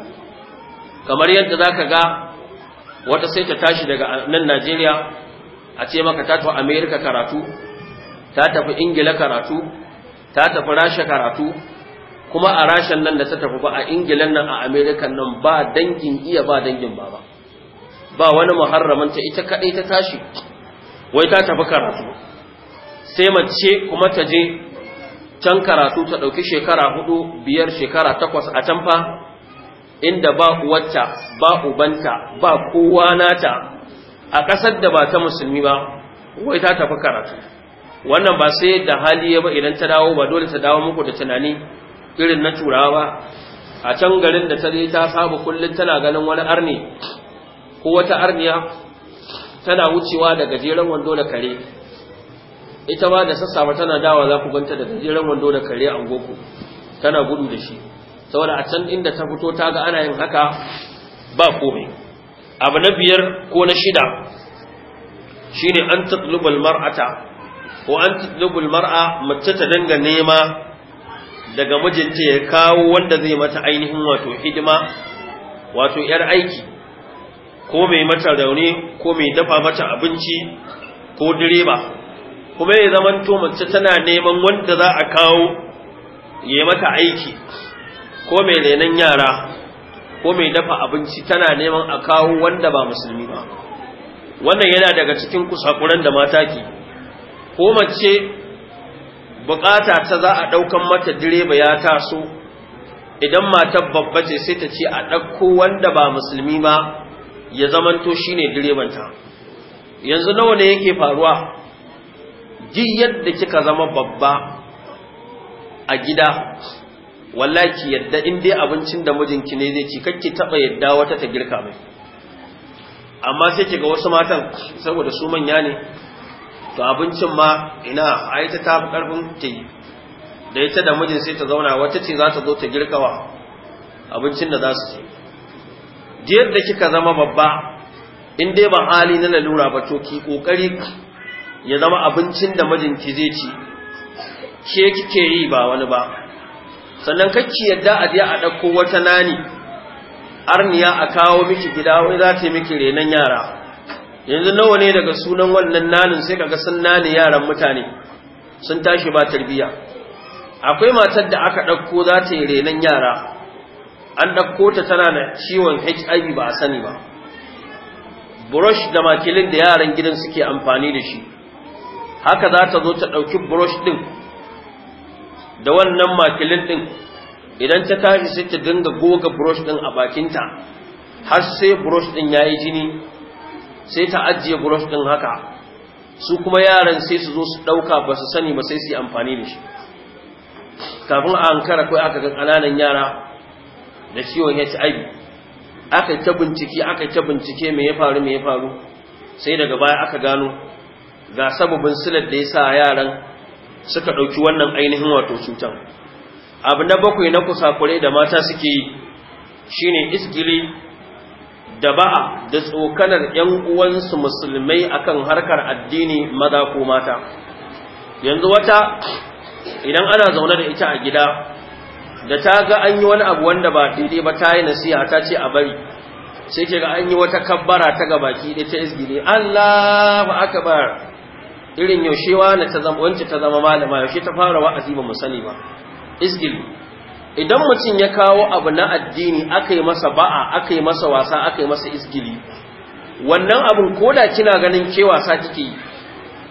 kamar yadda za ka ga wata sai ta tashi daga nan najeriya a ce maka ta tafi amerika karatu ta tafi ingila karatu ta tafi rasha karatu kuma a rashen nan da ta tafi ba a ingilan nan a Amerika nan ba dangin iya ba dangin ba ba ba wani muharramanta ita kaɗai ta tashi wai ta tafi karatu sai mace kuma ta je can karatu ta ɗauki shekara hudu biyar shekara takwas a can fa inda ba uwarta ba ubanta ba kowa nata a ƙasar da ba ta musulmi ba wai ta tafi karatu wannan ba sai da hali ya ba idan ta dawo ba dole ta dawo muku da tunani irin na turawa ba. a can garin da ta je ta saba kullum tana ganin wani arni ko wata arniya tana wucewa da gajeren wando da kare ita ma da sassafa tana dawa za ku ganta da gajeren wando da kare a goku tana gudu da shi saboda a can inda ta fito ta ga ana yin haka ba komai abu na biyar ko na shida shine an taqlubal mar'ata ko an taqlubal mar'a mace ta danga nema daga mijinta ya kawo wanda zai mata ainihin wato hidima wato yar aiki ko mai mata rauni ko mai dafa mata abinci ko direba kuma ya zama to mace tana neman wanda za a kawo ya mata aiki ko mai renon yara ko mai dafa abinci tana neman a kawo wanda ba musulmi ba wannan yana daga cikin kusakuran da mata ke ko mace bukata ta za a ɗaukan mata direba ya taso idan matar babba ce sai ta ce a ɗauko wanda ba musulmi ba ya zamanto shi shine direbanta yanzu nawa ne yake faruwa Jin yadda kika zama babba a gida wallaki yadda inda abincin da mijinki ne zai ci kakki taba yadda wata ta girka mai amma sai ga wasu matan saboda su manya ne to abincin ma ina ai ta tafi karfin ta yi da ita da mijin sai ta zauna wata ce za ta zo ta girka girkawa abincin da za su ci da yadda kika zama babba in dai ba hali na lalura ba to ki kokari ya zama abincin da majinki zai ci ke kike yi ba wani ba sannan kacci yadda a je a ɗauko wata nani arniya a kawo miki gida wani za ta miki renan yara yanzu nawa ne daga sunan wannan nanin sai kaga sun nani yaran mutane sun tashi ba tarbiya? akwai matar da aka ɗauko za ta yi renon yara an ɗauko ta tana da ciwon hiv ba a sani ba brush da makilin da yaran gidan suke amfani da shi haka za ta zo ta ɗauki brush ɗin da wannan makilin ɗin idan ta tashi sai ta dinga goga brush ɗin a bakinta har sai brush ɗin ya yi jini sai ta ajiye brush ɗin haka su kuma yaran sai su zo su ɗauka ba su sani ba sai su yi amfani da shi kafin a ankara kai aka ga ƙananan yara da ciwon HIV aka ta bincike aka ta bincike me ya faru me ya faru sai daga baya aka gano ga sababin silar da sa yaran suka ɗauki wannan ainihin wato cutar abu na bakwai na kusakure da mata suke yi shine isgiri da ba'a da tsokanar ‘yan uwansu musulmai akan harkar addini maza ko mata. Yanzu wata idan ana zaune da ita a gida da ta ga an yi wani abu wanda ba daidai ba ta yi nasiha ta ce a bari sai ke ga an yi wata kabbara ta gabaki da ta izgili Allahu akbar irin yaushe na ta zama ta zama malama yaushe ta fara wa'azi ba mu sani ba izgini idan mutum ya kawo abu na addini akai masa ba'a akai masa wasa akai masa izgili wannan ko koda kina ganin ke wasa kike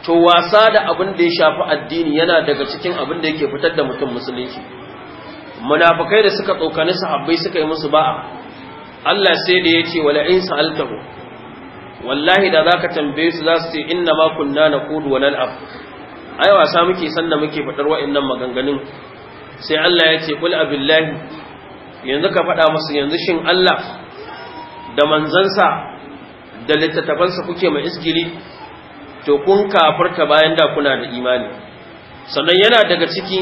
to wasa da abin da ya shafi addini yana daga cikin abin da yake fitar da mutum musulunci munafikai da suka tsokani sahabbai suka yi musu ba'a Allah sai da yace wala in sa'altahu wallahi da zaka tambaye su za su ce inna ma kunna naqulu wa nal'af ai wasa muke sanna muke fadar wa'annan maganganun sai Allah ya ce kul abillahi yanzu ka faɗa musu yanzu shin Allah da manzansa da littattafansa kuke mai iskili to kun kafarta bayan da kuna da imani sannan yana daga ciki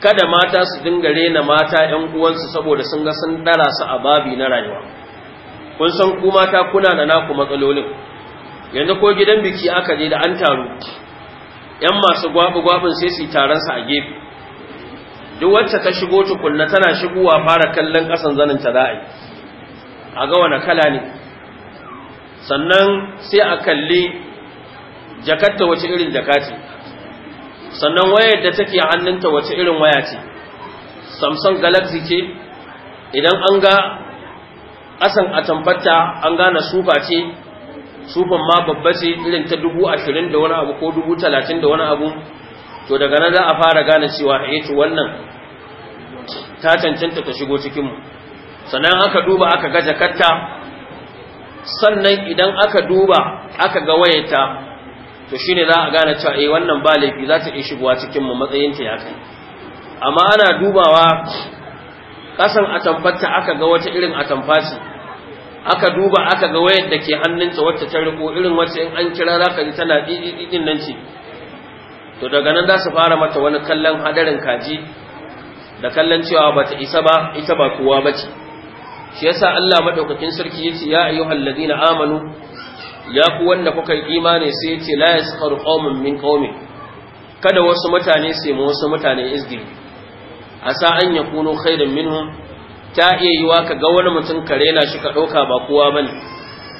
kada mata su dinga rena mata ‘yan uwansu saboda sun ga sun ɗara su a babi na rayuwa. Kun san ku mata kuna da naku matsalolin, yanzu ko gidan biki aka je da an taru, ‘yan masu gwabi-gwabin sai su taron sa a gefe. Duk wacce ta shigo tukunna tana shigowa fara kallon ƙasan zanin ta za'a a ga wani kala ne. Sannan sai a kalli jakarta wace irin jakati. sannan wayar da take hannunta wace irin waya ce samsung galaxy ce idan an ga asan tambata an gane sufa ce sufan ma babba ce irin ta dubu ashirin da wani abu ko dubu talatin da wani abu to daga nan za a fara gane cewa eh, to wannan ta cancanta ta shigo cikinmu sannan aka duba aka ga jakarta sannan idan aka duba aka ga wayata to shi ne za a gane cewa eh wannan ba laifi za ta iya shigowa cikin mu matsayin ya kai amma ana dubawa kasan atamfarta aka ga wata irin atamfa ce aka duba aka ga wayar da ke hannunta wacce ta riko irin wacce in an kira za ka ji tana ɗiɗiɗin nan ce to daga nan za su fara mata wani kallon hadarin kaji da kallon cewa ba ta isa ba ita ba kowa ba ce shi yasa Allah madaukakin sarki yace ya ayyuhal ladina amanu ya ku wanda kuka yi imani sai yace la yaskhar qaumun min qaumin kada wasu mutane sai mu wasu mutane a sa an kuno khairan minhum ta iya wa ka ga wani mutum kare na shi ka ɗauka ba kowa bane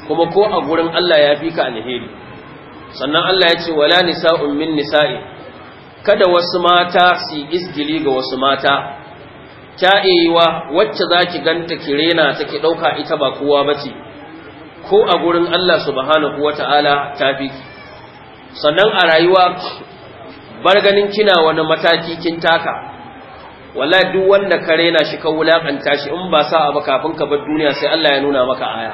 kuma ko a gurin Allah ya fi ka alheri sannan Allah ya ce wala nisa'un min nisa'i kada wasu mata su izgili ga wasu mata ta iya yi wa wacce zaki ganta ki rena take dauka ita ba kowa bace ko a gurin Allah subhanahu ta'ala tafi sannan a rayuwa bar ganin kina wani mataki kin taka Wala duk wanda kare na shi ka wulakanta shi in ba sa abu kafin ka bar duniya sai Allah ya nuna maka aya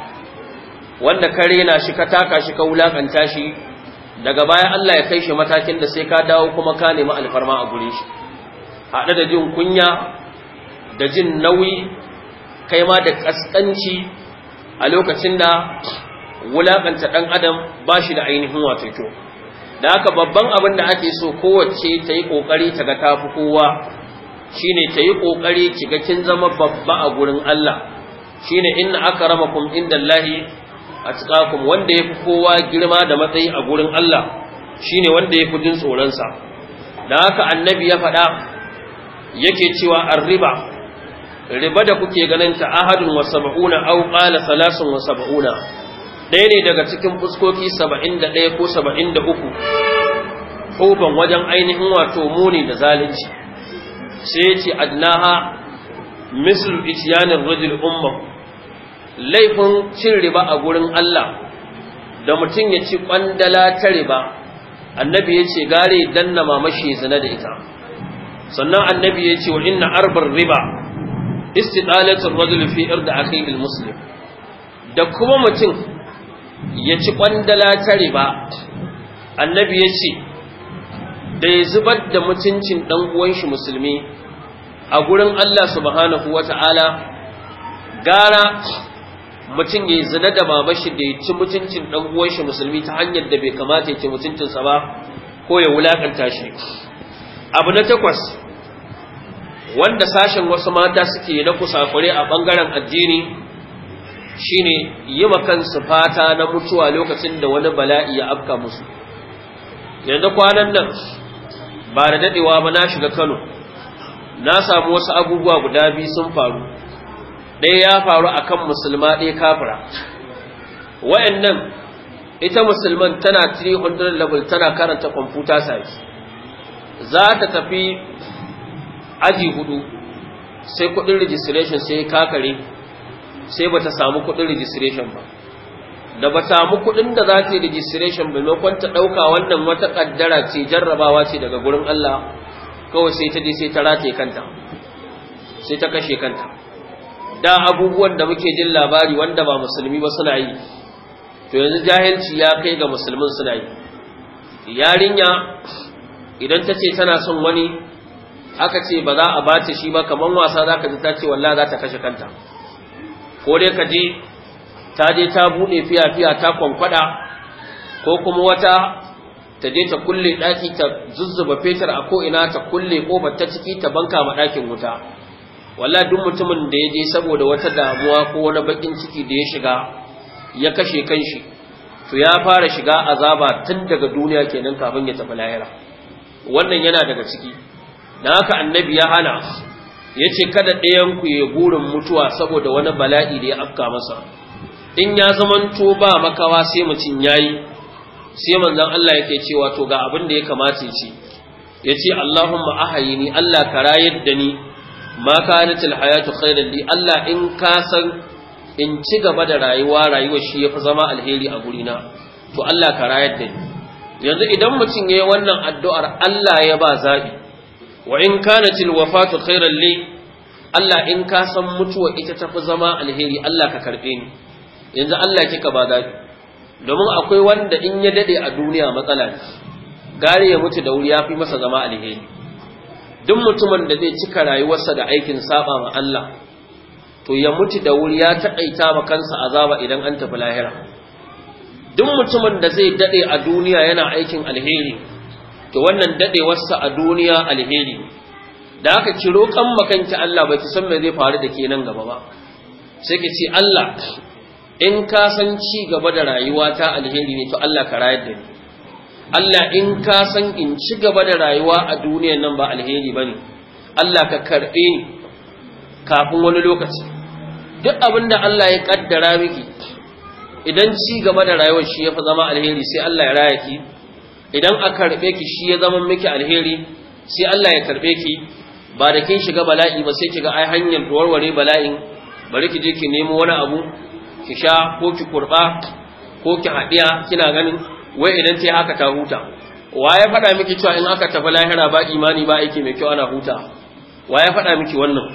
wanda kare na shi ka taka shi ka wulakanta shi daga baya Allah ya kai shi matakin da sai ka dawo kuma ka nemi alfarma a gurin shi haɗe da jin kunya da jin nauyi kai ma da kaskanci a lokacin da wulakanta ɗan adam ba shi da ainihin wato kyau da haka babban abin da ake so kowace ta yi ƙoƙari ta ga tafi kowa shine ta yi ƙoƙari ki kin zama babba a gurin Allah shine inna akramakum indallahi atqakum wanda yafi kowa girma da matsayi a gurin Allah shine wanda yafi jin tsoron sa dan haka annabi ya faɗa yake cewa arriba riba da kuke ganin ta ahadun wa sab'una aw qala salasun wa sab'una ɗaya ne daga cikin fuskoki 71 ko 73 uban wajen ainihin wato muni da zalunci sai yace adnaha mislu ityanir rajul umma laifin cin riba a gurin Allah da mutum ya ci kwandala ta riba annabi yace gare danna mamashi zina da ita sannan annabi yace ce wa inna arbar riba istidalatul rajul fi irda akhihi muslim da kuma mutum ya ci kwandala ta riba annabi ya ce da ya zubar da mutuncin dan uwan shi musulmi a gurin Allah subhanahu wata'ala gara mutum ya zina da babashi da ya ci mutuncin dan uwan shi musulmi ta hanyar da bai kamata ya ci sa ba ko ya wulakanta shi abu na takwas wanda sashen wasu mata suke na kusafure a ɓangaren addini shine yi kansu fata na mutuwa lokacin da wani bala'i ya afka musu yanzu kwanan nan ba da daɗewa ba na shiga kano na samu wasu abubuwa guda biyu sun faru ɗaya ya faru a kan musulma ɗaya kafira wayannan ita musulman tana 300 level tana karanta kwamfuta science za ta tafi aji hudu sai kudin registration sai kakare sai ba ta samu kudin registration ba da ba samu kudin da za ta yi registration ba maimakon ta dauka wannan wata kaddara ce jarrabawa ce daga gurin Allah kawai sai ta je sai ta rataye kanta sai ta kashe kanta da abubuwan da muke jin labari wanda ba musulmi ba suna yi to yanzu jahilci ya kai ga musulmin suna yi yarinya idan ta ce tana son wani aka ce ba za a bata shi ba kamar wasa za ka ji ta ce wallah za ta kashe kanta ko dai ka je ta je ta buɗe fiya-fiya ta kwankwada ko kuma wata ta je ta kulle ɗaki ta zuzzuba fetur a ko ina ta kulle ƙofar ta ciki ta banka ma ɗakin wuta walla duk mutumin da ya je saboda wata damuwa ko wani baƙin ciki da ya shiga ya kashe kanshi to ya fara shiga azaba tun daga duniya kenan kafin ya tafi lahira wannan yana daga ciki na haka annabi ya hana ya ce kada ɗayanku ya burin mutuwa saboda wani bala'i da ya afka masa in ya zamanto ba makawa sai mutum ya yi sai manzan Allah yake cewa to ga abin da ya kamata ce ya ce Allahumma ahayi ni Allah ka rayar da ni ma ka kanatil hayatu da li Allah in ka san in ci gaba da rayuwa rayuwa shi ya fi zama alheri a gurina to Allah ka rayar da ni yanzu idan mutum ya yi wannan addu'ar Allah ya ba zaɓi. wa in kana cin wafatu khairan li Allah in ka san mutuwa ita tafi zama alheri Allah ka karbe ni yanzu Allah kika ba za domin akwai wanda in ya dade a duniya matsala ne gare ya mutu da wuri ya fi masa zama alheri duk mutumin da zai cika rayuwarsa da aikin saba ma Allah to ya mutu da wuri ya taƙaita ma kansa azaba idan an tafi lahira duk mutumin da zai dade a duniya yana aikin alheri to wannan daɗewarsa a duniya alheri da aka kiro kan makanta Allah bai san me zai faru da ke nan gaba ba sai ka ce Allah in ka san ci gaba da rayuwa ta alheri ne to Allah ka rayar da ni Allah in ka san in ci gaba da rayuwa a duniyan nan ba alheri bane Allah ka karbe ni kafin wani lokaci duk abin da Allah ya kaddara miki idan ci gaba da rayuwar shi ya fi zama alheri sai Allah ya raya ki idan a karbe ki shi ya zama miki alheri sai Allah ya karɓe ki ba da kin shiga bala'i ba sai kiga ai hanyar warware bala'in bari ki je ki nemo wani abu ki sha ko ki kurba ko ki haɗiya kina ganin wai idan ta haka ta huta wa ya faɗa miki cewa in aka tafi lahira ba imani ba aiki mai kyau ana huta wa ya faɗa miki wannan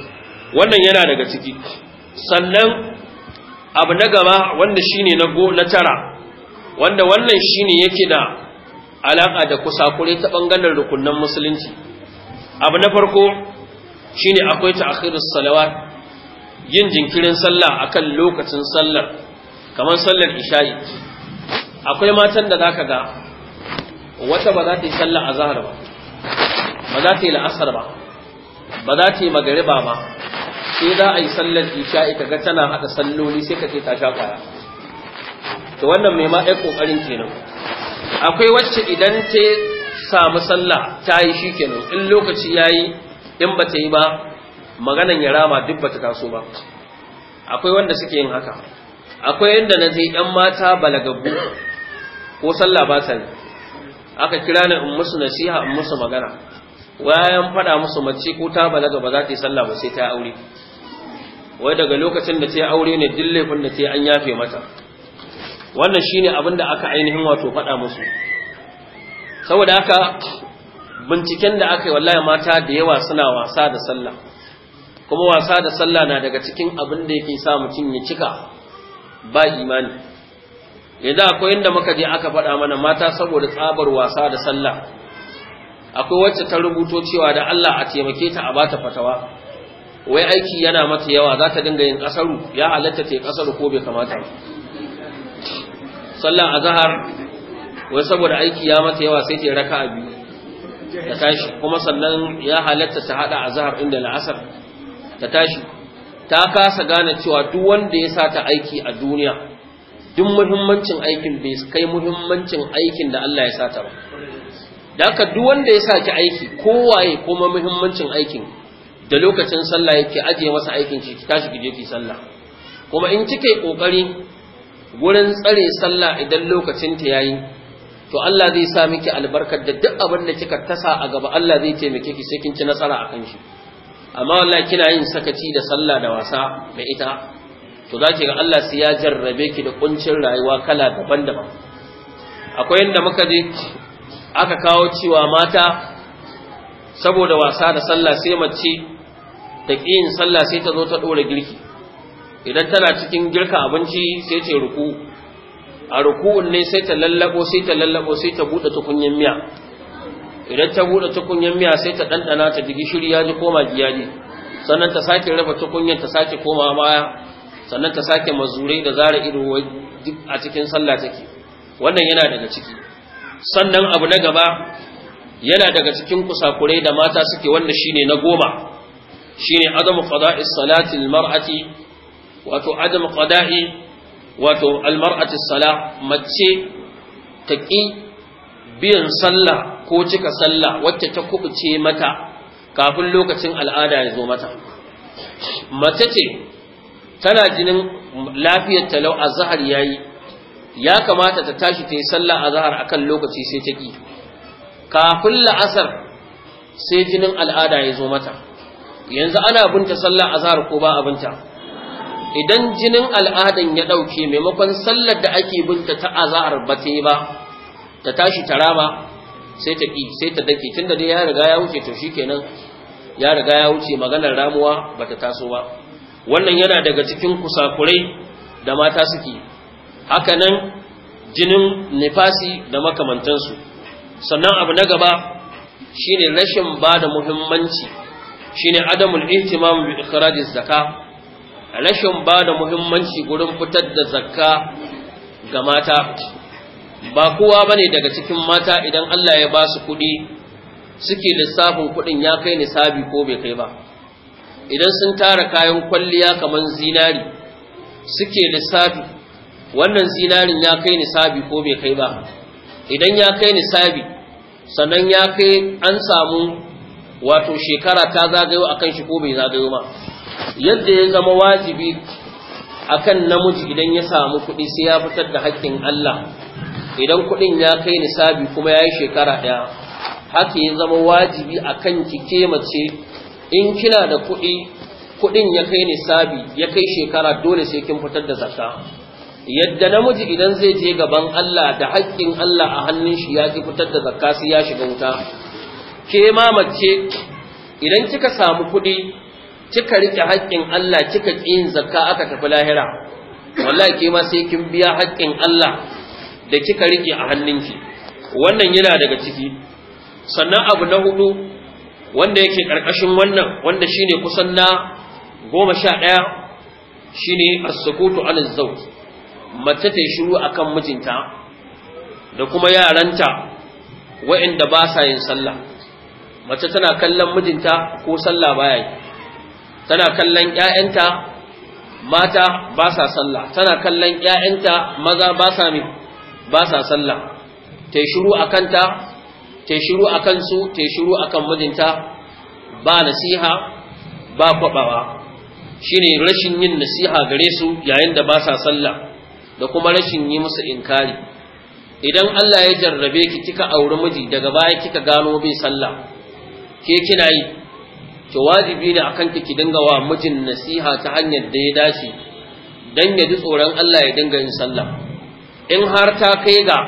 wannan yana daga ciki sannan abu na gaba wanda shine na go na tara wanda wannan shine yake da alaƙa da kusakure ta bangaren rukunan musulunci abu na farko shine akwai ta'khirus salawat yin jinkirin sallah akan lokacin sallar kamar sallar isha'i akwai matan da zaka ga wata ba za ta yi a azhar ba ba za ta yi la'asar ba ba za ta yi magariba ba sai za a yi sallar isha'i kaga tana haɗa salloli sai ka ce ta sha kwaya to wannan mai ma ai kokarin kenan akwai wacce idan ta samu sallah ta yi shi kenan in lokaci ya yi in ba ta yi ba maganan ya rama duk ba ta taso ba akwai wanda suke yin haka akwai yadda na je ‘yan mata balagabu ko sallah ba sa aka kira ni in musu nasiha in musu magana wayan faɗa musu mace ko ta balaga ba za ta yi sallah ba sai ta aure wai daga lokacin da ta yi aure ne duk laifin da ta yi an yafe mata wannan shi ne abin da aka ainihin wato faɗa musu saboda haka binciken da aka yi wallahi mata da yawa suna wasa da sallah kuma wasa da sallah na daga cikin abin da yake sa mutum ya cika ba imani idan akwai inda muka je aka faɗa mana mata saboda tsabar wasa da sallah akwai wacce ta rubuto cewa da Allah a taimake ta a bata fatawa wai aiki yana mata yawa za ta dinga yin kasaru ya halatta ta yi kasaru ko bai kamata ba sallan azhar wai saboda aiki ya mata yawa sai ta raka'a biyu ta tashi kuma sannan ya halatta ta hada azhar inda la'asar ta tashi ta kasa gane cewa duk wanda ya sa ta aiki a duniya duk muhimmancin aikin bai kai muhimmancin aikin da Allah ya sa ta ba da ka duk wanda ya sa ki aiki kowaye kuma muhimmancin aikin da lokacin sallah yake ajiye masa aikin ki tashi ki je ki sallah kuma in kike kokari Wurin tsare sallah idan lokacin ta yayi to Allah zai sa miki albarkar da duk abin da kika tasa a gaba Allah zai taimake ki sai kin ci nasara akan shi amma wallahi kina yin sakaci da sallah da wasa mai ita to zaki ga Allah sai ya jarrabe ki da kuncin rayuwa kala daban-daban akwai inda muka je aka kawo cewa mata saboda wasa da sallah sai mace ta ƙi yin sallah sai ta zo ta ɗora girki idan tana cikin girka abinci sai ta ruku a ruku'un ne sai ta lallabo sai ta lallabo sai ta bude tukunyen miya idan ta bude tukunyen miya sai ta dandana ta digi shiri ya ji koma giya ne sannan ta sake rufe tukunyen ta sake koma baya sannan ta sake mazure da zara ido duk a cikin sallah take wannan yana daga ciki sannan abu na gaba yana daga cikin kusakurai da mata suke wanda shine na goma shine azamu fada'is salati lil mar'ati wato adam qada'i wato almar'atu Salah mace ta ƙi biyan sallah ko cika sallah wacce ta kubuce mata kafin lokacin al'ada ya zo mata mace ce tana jinin lafiyar talau a zahar yayi ya kamata ta tashi ta yi sallah a akan lokaci sai ta ki kafin la'asar sai jinin al'ada ya zo mata yanzu ana binta sallah a ko ba a binta idan jinin al'adan ya ɗauke maimakon sallar da ake binta ta azahar ba ta ba ta tashi tara ba sai ta ƙi sai ta dake tunda dai ya riga ya wuce to shikenan ya riga ya wuce maganar ramuwa ba ta taso ba wannan yana daga cikin kusakurai da mata suke haka nan jinin nifasi da makamantansu sannan abu na gaba shine rashin ba da muhimmanci shine adamul ihtimam bi ikhrajiz zakah rashin ba da muhimmanci gurin fitar da zakka ga mata ba kowa bane daga cikin mata idan Allah ya ba su kuɗi suke lissafin kuɗin ya kai nisabi ko bai kai ba idan sun tara kayan kwalliya kamar zinari suke lissafi wannan zinarin ya kai nisabi ko bai kai ba idan ya kai nisabi sannan ya kai an samu wato shekara ta zagayo akan shi ko bai zagayo ba yadda ya zama wajibi akan namiji idan ya samu kuɗi sai ya fitar da haƙƙin Allah idan kuɗin ya kai nisabi kuma ya yi shekara ɗaya haka ya zama wajibi akan ki ke mace in kina da kuɗi kuɗin ya kai nisabi ya kai shekara dole sai kin fitar da zakka yadda namiji idan zai je gaban Allah da haƙƙin Allah a hannun shi ya ji fitar da zakka sai ya shiga wuta ke ma mace idan kika samu kuɗi kika rike haƙƙin Allah kika ƙin zakka aka tafi lahira wallahi ke ma sai kin biya haƙƙin Allah da kika rike a hannunki wannan yana daga ciki sannan abu na hudu wanda yake ƙarƙashin wannan wanda shine kusan na goma sha ɗaya shine as-sukutu an zawj mace ta shiru akan mijinta da kuma yaranta wa'inda ba sa yin sallah mace tana kallon mijinta ko sallah baya yi tana kallon ‘ya'yanta mata ba sa sallah tana kallon ‘ya'yanta maza ba sa mi ba sa sallah ta shiru a kanta ta shiru a kansu ta shiru a mijinta ba nasiha ba kwaɓawa shi ne rashin yin nasiha gare su yayin da ba sa sallah da kuma rashin yi musu inkari idan Allah ya jarrabe ki kika auri miji daga baya kika gano bin sallah ke kina yi ki wajibi ne akan ki ki dinga wa mijin nasiha ta hanyar da ya dace dan ya ji tsoron Allah ya dinga yin sallah in har ta kai ga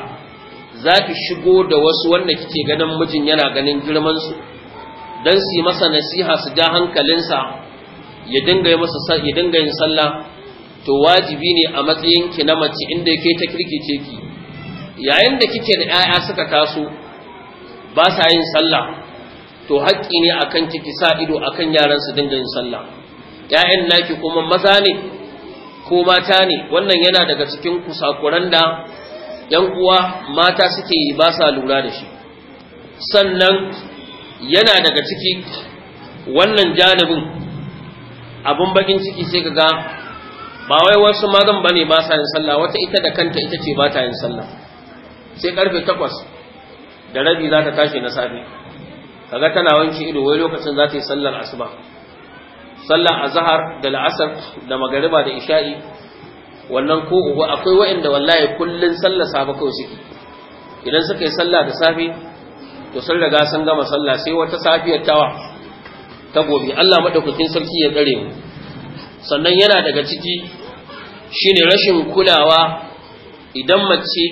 za ki shigo da wasu wanda kike ganin mijin yana ganin girmansu su dan su yi masa nasiha su ja hankalinsa ya dinga yi masa ya dinga yin sallah to wajibi ne a matsayin ki na mace inda yake ta kirkice ki yayin da kike da 'ya'ya suka taso ba sa yin sallah to haƙƙi ne a kan ciki sa ido akan yaran su dinga yin sallah Ya'yan naki kuma maza ne ko mata ne wannan yana daga cikin kusakuran da yan uwa mata suke yi ba sa lura da shi sannan yana daga ciki wannan janibin Abin bakin ciki sai kaga ba wai wasu mazan bane ba sa yin sallah wata ita da kanta ita ce ba ta yin sallah sai karfe takwas da rabi za ta tashi na safe kaga tana wanke ido wai lokacin za ta yi sallar asuba sallar azhar da la'asar da magariba da isha'i wannan ko uba akwai wa'anda wallahi kullun sallar safa kawai suke idan suka yi sallah da safe to sun riga sun gama sallah sai wata safiyar tawa ta gobe Allah madaukakin sarki ya tsare mu sannan yana daga ciki shine rashin kulawa idan mace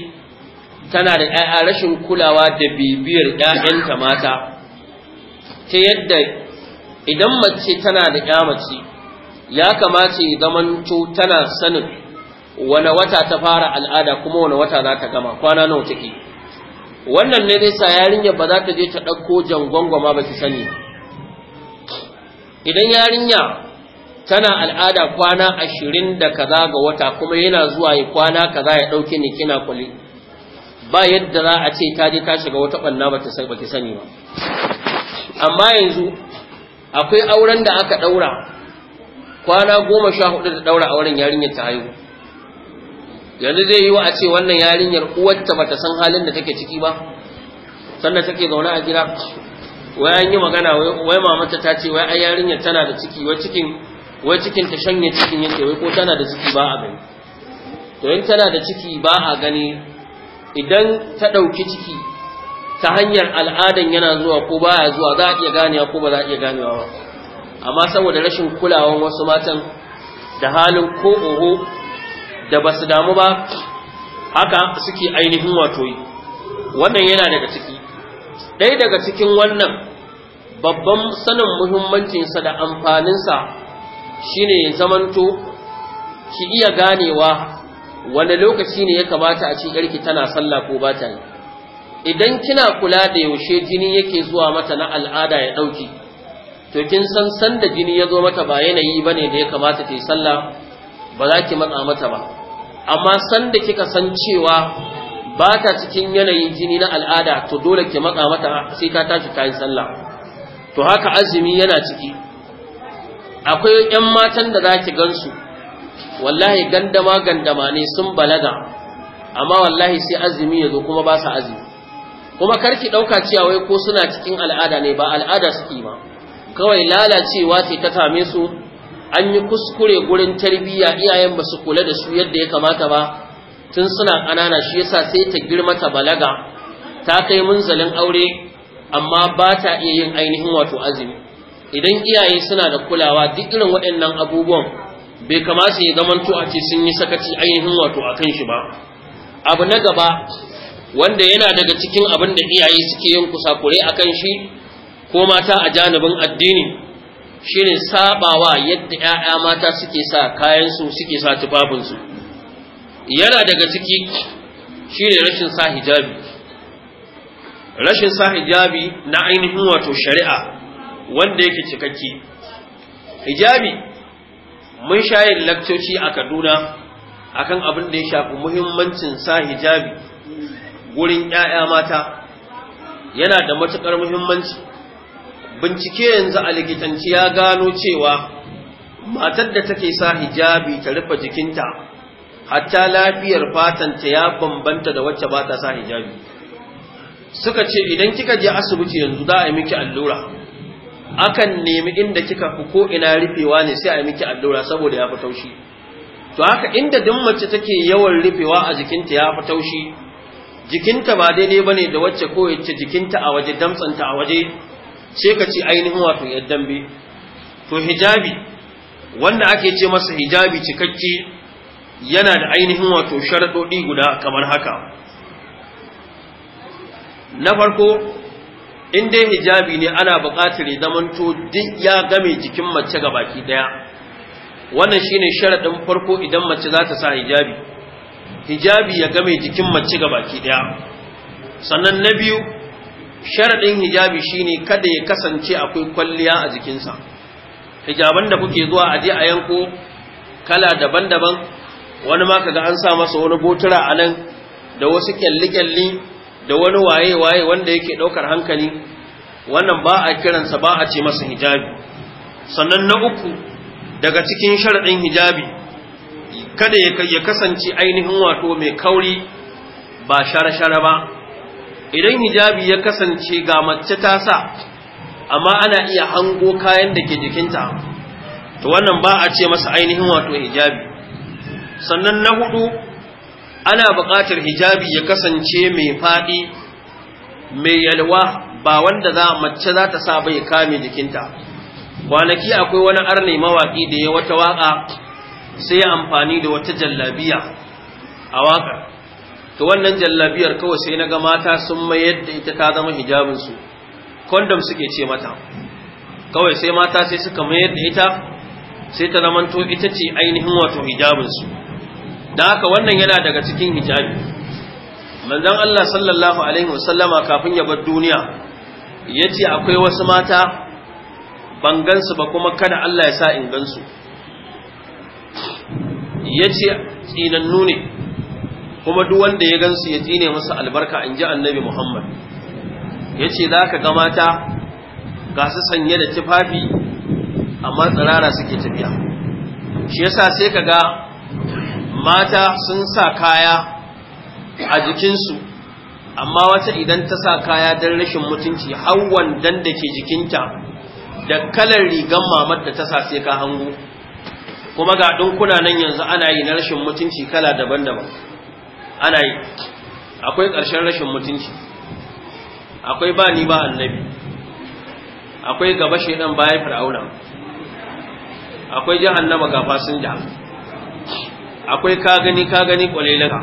tana da ƴaƴa rashin kulawa da bibiyar ƴaƴanta mata ta yadda idan mace tana da ya mace ya kamace zamanto tana sanin wani wata ta fara al'ada kuma wani wata za ta gama kwana nawa take wannan ne zai sa yarinya ba za ta je ta ɗauko jangwangwama ba ki sani idan yarinya tana al'ada kwana ashirin da kaza ga wata kuma yana zuwa ya kwana kaza ya ɗauki ni kina kuli ba yadda za a ce ta je ta shiga wata ɓanna ba ta sani ba amma yanzu akwai auren da aka ɗaura kwana goma sha hudu da ɗaura auren yarinyar ta haihu yanzu zai yi wa a ce wannan yarinyar uwarta bata san halin da take ciki ba sannan take zaune a gida wai an yi magana wai mamata ta ce wai ai yarinyar tana da ciki wai cikin wai cikin ta shanye cikin yake wai ko tana da ciki ba a gani to in tana da ciki ba a gani idan ta ɗauki ciki ta hanyar al'adan yana zuwa ko baya zuwa za a iya ganewa ko ba za a iya ganewa ba amma saboda rashin kulawan wasu matan da halin ko oho da ba su damu ba haka suke ainihin wato yi wannan yana daga ciki ɗaya daga cikin wannan babban sanin muhimmancinsa da amfaninsa shine zamanto ki iya ganewa wani lokaci ne ya kamata a ce yarki tana sallah ko ba ta yi idan kina kula da yaushe jini yake zuwa mata na al'ada ya ɗauki to kin san sanda jini ya zo mata ba yanayi ba ne da ya kamata ta yi sallah ba za ki matsa mata ba amma sanda kika san cewa ba ta cikin yanayin jini na al'ada to dole ki matsa mata sai ka tashi ka yi sallah to haka azumi yana ciki akwai 'yan matan da za ki gansu wallahi gandama gandama ne sun balaga amma wallahi sai azumi ya zo kuma ba sa azumi kuma karki ɗauka cewa wai ko suna cikin al'ada ne ba al'ada suke ba kawai lalacewa ce ta same su an yi kuskure gurin tarbiyya iyayen ba su kula da su yadda ya kamata ba tun suna ƙanana shi yasa sai ta girma ta balaga ta kai munzalin aure amma ba ta iya yin ainihin wato azumi idan iyaye suna da kulawa duk irin waɗannan abubuwan bai kamata ya zamanto a ce sun yi sakaci ainihin wato a kan shi ba abu na gaba wanda yana daga cikin abin da iyaye suke yin kusakure kan shi ko mata a janibin addini shine sabawa yadda 'ya'ya mata suke sa kayansu suke sa tufafinsu yana daga ciki shi ne rashin sa hijabi rashin sa hijabi na ainihin wato shari'a wanda yake cikakke hijabi mun shayin lakcoci a Kaduna akan abin da ya shafi muhimmancin sa hijabi gurin ‘ya'ya mata yana da matuƙar muhimmanci bincike yanzu a likitanci ya gano cewa matar da take sa hijabi ta rufe jikinta hatta lafiyar fatan ta ya bambanta da wacce ba ta sa hijabi suka ce idan kika je asibiti yanzu za a yi miki allura akan nemi inda kika fi ko ina rufewa ne sai a yi miki allura saboda ya fi taushi to haka inda duk mace take yawan rufewa a jikinta ya fi taushi jikinta ba daidai ba ne da wacce ko jikinta a waje damtsanta a waje ce ka ci ainihin wato yar dambe to hijabi wanda ake ce masa hijabi cikakke yana da ainihin wato sharaɗoɗi guda kamar haka na farko in dai hijabi ne ana buƙatar ya zamanto duk ya game jikin mace ga baki ɗaya. wannan shine sharadin farko idan mace za ta sa hijabi hijabi ya game jikin mace ga baki daya sannan na biyu sharadin hijabi shine kada ya kasance akwai kwalliya a jikinsa hijaban da kuke zuwa aje a yanko kala daban-daban wani ma kaga an sa masa wani botura a nan da wasu kyalli-kyalli da wani waye-waye wanda yake ɗaukar hankali wannan ba a kiransa ba a ce masa hijabi sannan na uku daga cikin sharadin hijabi kada ya kasance ainihin wato mai kauri ba share-share ba idan hijabi ya kasance ga mace ta sa amma ana iya hango kayan da ke jikinta to wannan ba a ce masa ainihin wato hijabi sannan na hudu ana buƙatar hijabi ya kasance mai faɗi mai yalwa ba wanda za mace za ta sa bai kame jikinta kwanaki akwai wani arne mawaƙi da ya wata waƙa sai ya amfani da wata jallabiya a waka to wannan jallabiyar kawai sai na ga mata sun mayar da ita ta zama hijabinsu kondom suke ce mata kawai sai mata sai suka mayar da ita sai ta to ita ce ainihin wato hijabinsu da haka wannan yana daga cikin hijabi manzon Allah sallallahu alaihi wasallama kafin ya bar duniya yace akwai wasu mata ban ba kuma kada Allah ya sa in gansu ya ce tsinannu ne kuma duk wanda ya gansu ya tsine masa albarka in ji annabi muhammad ya ce za ka ga mata ga su sanye da tufafi amma tsirara suke tafiya shi yasa sai ka ga mata sun sa kaya a jikinsu amma wata idan ta sa kaya don rashin mutunci hawan dan da ke jikinta da kalar rigar mamar da ta sa sai ka hango kuma ga dinkuna nan yanzu ana yi na rashin mutunci kala daban-daban ana yi akwai ƙarshen rashin mutunci akwai ba ni ba annabi akwai gaba shaidan bayan fir'auna akwai jahannama ga fasinja akwai ka gani ka gani kwalelaka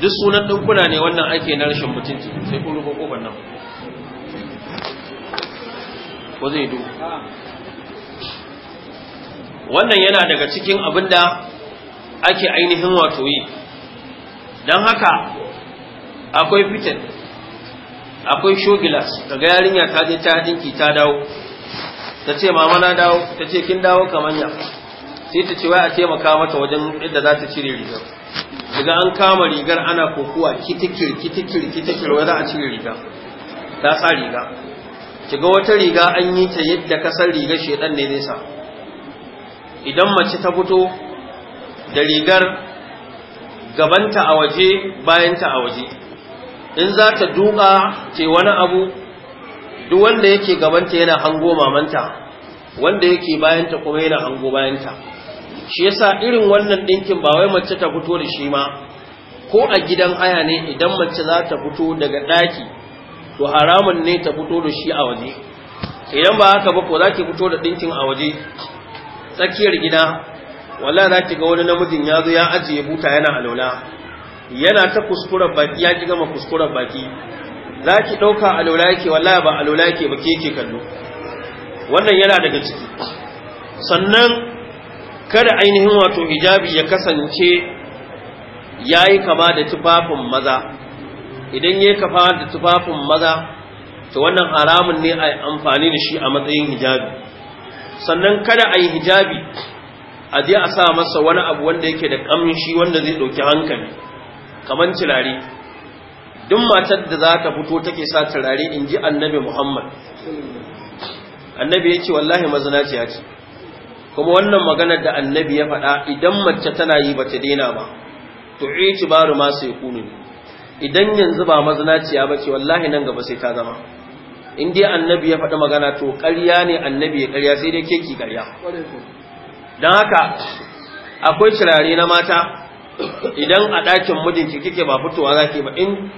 duk sunan dinkuna ne wannan ake na rashin mutunci sai kun rufe kofar nan ko zai duk wannan yana daga cikin abin da ake ainihin wato yi don haka akwai fitin akwai shogilas daga yarinya ta je ta dinki ta dawo ta ce mama na dawo ta ce kin dawo ya sai ta ce wai a taimaka mata wajen yadda za ta cire rigar daga an kama rigar ana kokuwa kitikir kitikir kitikir wai za a cire riga ta sa riga kiga wata riga an yi ta yadda kasar rigar shedan ne nesa idan mace ta fito da rigar gabanta a waje bayanta a waje in za ta duka ce wani abu duk wanda yake gabanta yana hango mamanta wanda yake bayanta kuma yana hango bayanta shi yasa irin wannan dinkin ba wai mace ta fito da shi ma ko a gidan aya ne idan mace za ta fito daga daki to haramun ne ta fito da shi a waje idan ba haka ba ko za ki fito da dinkin a waje tsakiyar gida wallahi za ki ga wani namijin ya zo ya ajiye buta yana alola yana ta kuskuren baki ya ki gama kuskura baki za ki ɗauka alola yake wallahi ba alola yake ba ke kallo wannan yana daga ciki sannan kada ainihin wato hijabi ya kasance ya yi kama da tufafin maza idan ya kafa da tufafin maza to wannan haramun ne a amfani da shi a matsayin hijabi sannan kada a yi hijabi a je a sa masa wani abu wanda yake da kamshi wanda zai ɗauki hankali kamar turare duk matar da za ta fito take sa turare in ji annabi muhammad annabi ya ce wallahi ya ce kuma wannan maganar da annabi ya faɗa idan mace tana yi ba ta daina ba to ci baru ma sai kunu idan yanzu ba mazinaciya ba ce wallahi nan gaba sai ta zama in dai annabi ya faɗi magana to ƙarya ne annabi ya ƙarya sai dai keki ƙarya don haka akwai turare na mata idan a ɗakin mijinki kike ba fitowa za ke ba in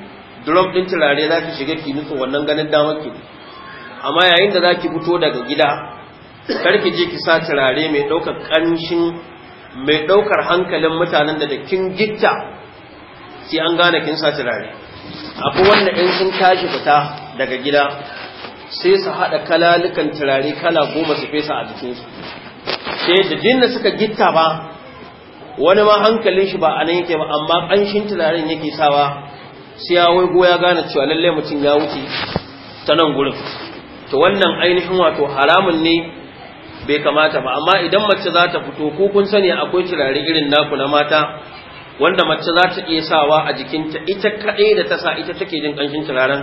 drum ɗin turare za ki shiga ki nutsu wannan ganin damar ki amma yayin da za ki fito daga gida karki je ki sa turare mai ɗaukar ƙanshin mai ɗaukar hankalin mutanen da da kin gitta ki an gane kin sa turare abu wanda in sun tashi fita daga gida sai su haɗa kalalukan turare kala goma su fesa a jikinsu sai da jinna suka gitta ba wani ma hankalin shi ba a nan yake ba amma ƙanshin turaren yake sawa sai ya waigo ya gane cewa lallai mutum ya wuce ta nan gurin to wannan ainihin wato haramun ne bai kamata ba amma idan mace za ta fito ko kun sani akwai turare irin naku na mata wanda mace za ta iya sawa a jikinta ita kaɗai da ta sa ita take jin ƙanshin turaren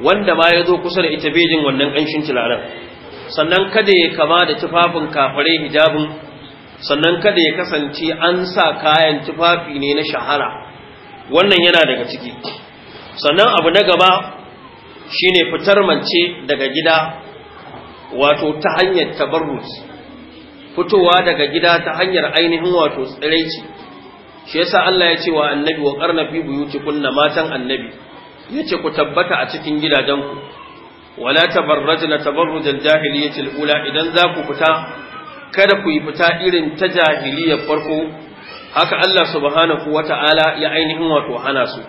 wanda ma ya zo kusa da ita bejin wannan ƙanshin turaren sannan kada ya kama da tufafin kafare hijabin sannan kada ya kasance an sa kayan tufafi ne na shahara wannan yana daga ciki sannan abu na gaba shine fitar mace daga gida wato ta hanyar tabarruci fitowa daga gida ta hanyar ainihin wato tsiraici shi yasa Allah ya ce wa annabi wa qarna fi kunna matan annabi yace ku tabbata a cikin gidajenku wala tabarrajna tabarrujal jahiliyatil ula idan za ku fita kada ku yi fita irin ta jahiliyar farko haka Allah subhanahu wata'ala ya ainihin wato hana su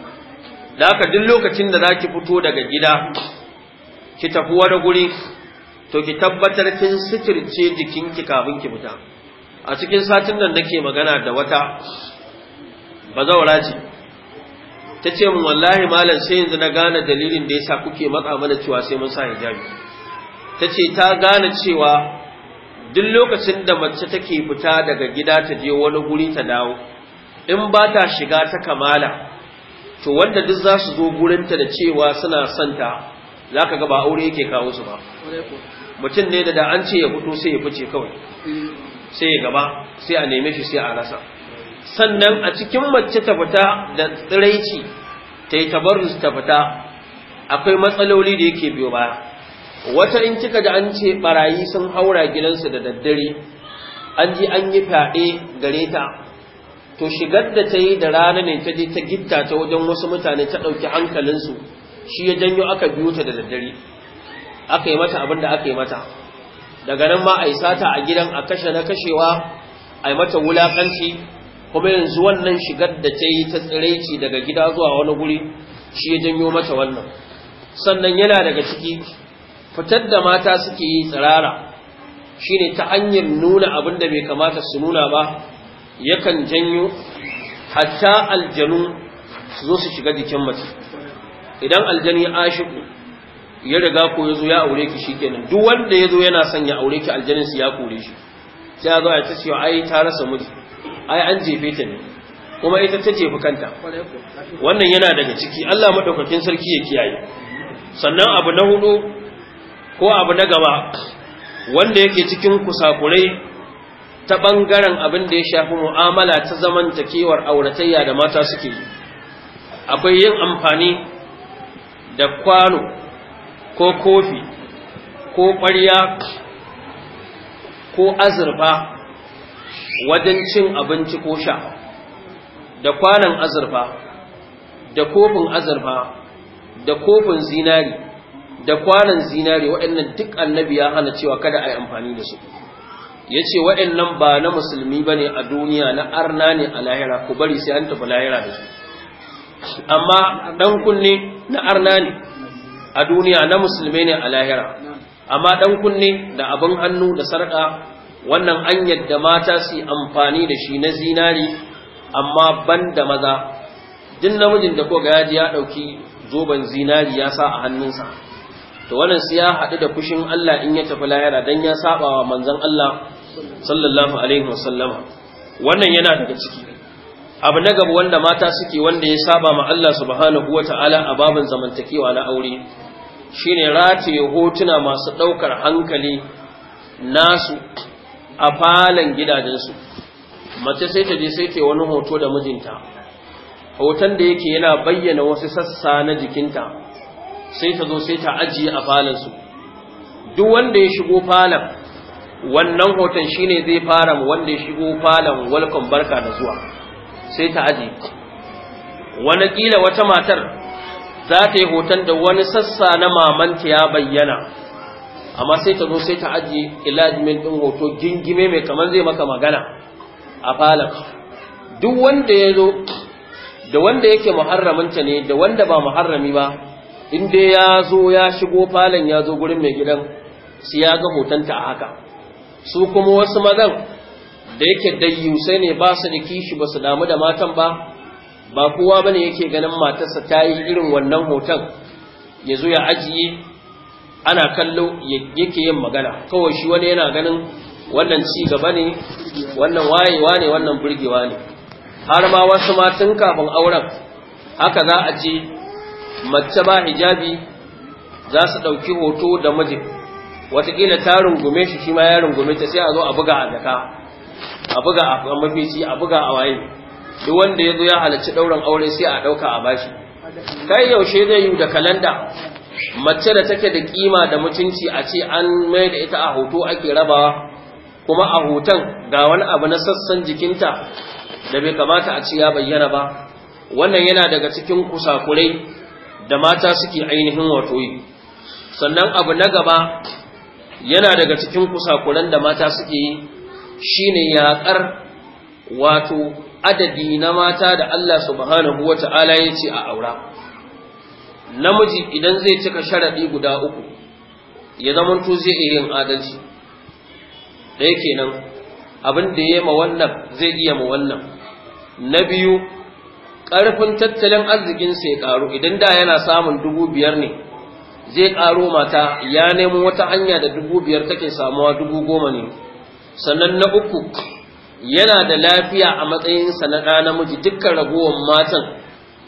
da haka duk lokacin da za ki fito daga gida ki tafi wani guri to ki tabbatar kin sitirce jikinki kafin ki fita a cikin satin nan nake magana da wata bazawara ce ta ce mu wallahi malam sai yanzu na gane dalilin da ya sa kuke matsa mana cewa sai mun sa hijabi ta ce ta gane cewa duk lokacin da mace take fita daga gida ta je wani guri ta dawo in ba ta shiga ta kamala to wanda duk za su zo gurinta da cewa suna santa za ka ga ba aure yake kawo su ba mutum ne da da an ce ya fito sai ya fice kawai eh. sai ya gaba sai a neme shi sai a rasa sannan a cikin mace ta fita da tsiraici ta yi tabarrus ta fita akwai matsaloli da yake biyo baya wata in kika da an ce barayi sun haura gidansu da daddare an ji an yi fyaɗe gare ta to shigar da ta yi da rana ne ta je ta gitta ta wajen wasu mutane ta ɗauki hankalinsu shi ya janyo aka biyo ta da daddare aka yi mata abin da aka yi mata daga nan ma a yi sata a gidan a kashe na kashewa a yi mata wulaƙanci kuma yanzu wannan shigar da ta yi ta tsiraici daga gida zuwa wani guri shi ya janyo mata wannan sannan yana daga ciki fitar da mata suke yi tsirara ne ta hanyar nuna abin da bai kamata su nuna ba yakan janyo hatta aljanu su zo su shiga jikin mace idan aljani ashiku ya riga ko ya zo ya aure ki shikenan duk wanda ya zo yana son ya aure ki aljanin su ya kore shi sai ya zo ya ta ce ai ta rasa miji ai an jefe ta ne kuma ita ta jefi kanta wannan yana daga ciki Allah madaukakin sarki ya kiyaye sannan abu na hudu ko abu na gaba wanda yake cikin kusakurai ta bangaren abin da ya shafi mu'amala ta zamantakewar auratayya da mata suke yi akwai yin amfani da kwano ko kofi ko ƙwarya ko azurfa wajen cin abinci ko sha da kwanan azurfa da kofin azurfa da kofin zinari da kwanan zinari waɗannan duk annabi ya hana cewa kada a yi amfani da su ya ce waɗannan ba na musulmi ba ne a duniya na arna ne a lahira ku bari sai an tafi lahira da su amma ɗan kunne na arna ne a duniya na musulmi ne a lahira amma ɗan kunne da abin hannu da sarƙa wannan an yadda mata su yi amfani da shi na zinari amma ban da maza duk namijin da koga yaji ya ɗauki zoben zinari ya sa a hannunsa to wannan sai ya haɗu da fushin Allah in ya tafi lahira dan ya saba wa manzon Allah sallallahu alaihi wasallama wannan yana daga ciki abu na gaba wanda mata suke wanda ya saba ma Allah subhanahu wataala a babin zamantakewa na aure shine rataye hotuna masu ɗaukar hankali nasu a falon gidajensu mace sai ta je sai ta wani hoto da mijinta hoton da yake yana bayyana wasu sassa na jikinta sai ta zo sai ta ajiye a falonsu duk wanda ya shigo falon wannan hoton shi ne zai fara wanda ya shigo falon walkon barka da zuwa sai ta ajiye wani kila wata matar za ta yi hoton da wani sassa na mamanta ya bayyana amma sai ta zo sai ta ajiye ilajimin ɗin hoto gingime mai kamar zai maka magana a falon duk wanda ya zo da wanda yake muharraminta ne da wanda ba muharrami ba inda ya zo ya shigo falon ya zo gurin mai gidan su ya ga hotonta a haka su kuma wasu mazan da yake yusai ne ba su da kishi ba su damu da matan ba ba kowa ba ne yake ganin matarsa ta yi irin wannan hoton ya zo ya ajiye ana kallo yake yin magana kawai shi wani yana ganin wannan ci gaba ne wannan wayewa ne wannan burgewa ne har ma wasu ma tun kafin auren haka za a ce mace ba hijabi za su ɗauki hoto da mijin wataƙila ta rungume shi shi ma ya rungume ta sai a zo a buga a jaka a buga a mafici a buga a waye duk wanda ya zo ya halarci ɗaurin aure sai a ɗauka a bashi kai yaushe zai yi da kalanda mace da take da kima da mutunci a ce an mai da ita a hoto ake rabawa kuma a hoton ga wani abu na sassan jikinta da bai kamata a ce ya bayyana ba wannan yana daga cikin kusakurai da mata suke ainihin wato yi sannan abu na gaba yana daga cikin kusakuran da mata suke yi shine yaƙar wato adadi na mata da Allah subhanahu wata'ala ya ce a aura namiji idan zai cika sharaɗi guda uku ya zamanto zai iya yin adalci ɗaya kenan abin da ya ma wannan zai iya ma wannan na biyu ƙarfin tattalin arzikinsa ya ƙaru idan da yana samun dubu biyar ne zai ƙaro mata ya nemo wata hanya da dubu biyar take samuwa dubu goma ne sannan na uku yana da lafiya a matsayinsa na ɗa namiji dukkan ragowar matan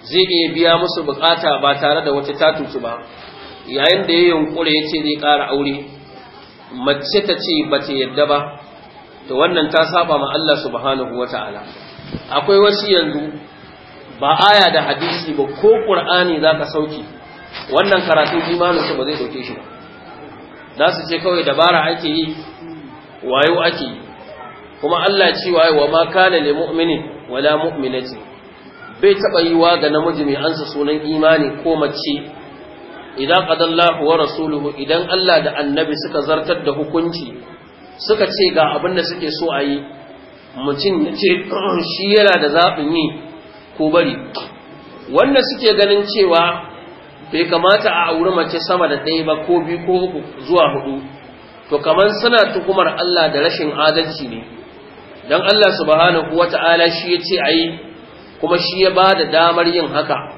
zai iya biya musu bukata ba tare da wata tatutu ba yayin da ya yunkure ya ce zai ƙara aure mace ta ce ba ta yadda ba to wannan ta saba ma Allah subhanahu wa ta'ala akwai wasu yanzu ba aya da hadisi ba ko qur'ani ka sauki wannan karatu imanin su ba zai dauke shi ba za su ce kawai dabara ake yi wayo ake yi kuma Allah ce wayo wa ma kana lil mu'mini wala mu'minati bai taɓa wa ga namiji mai ansa sunan imani ko mace idan qadallahu wa rasuluhu idan Allah da annabi suka zartar da hukunci suka ce ga abin da suke so a yi mutum ya ce *clears throat* shi yana da zaɓin yi ko bari wanda suke ganin cewa bai kamata a auri mace sama da ɗaya ba ko biyu ko uku zuwa hudu to kamar suna tukumar Allah da rashin adalci ne dan Allah subhanahu wata'ala shi ya ce a yi kuma shi ya ba da damar yin haka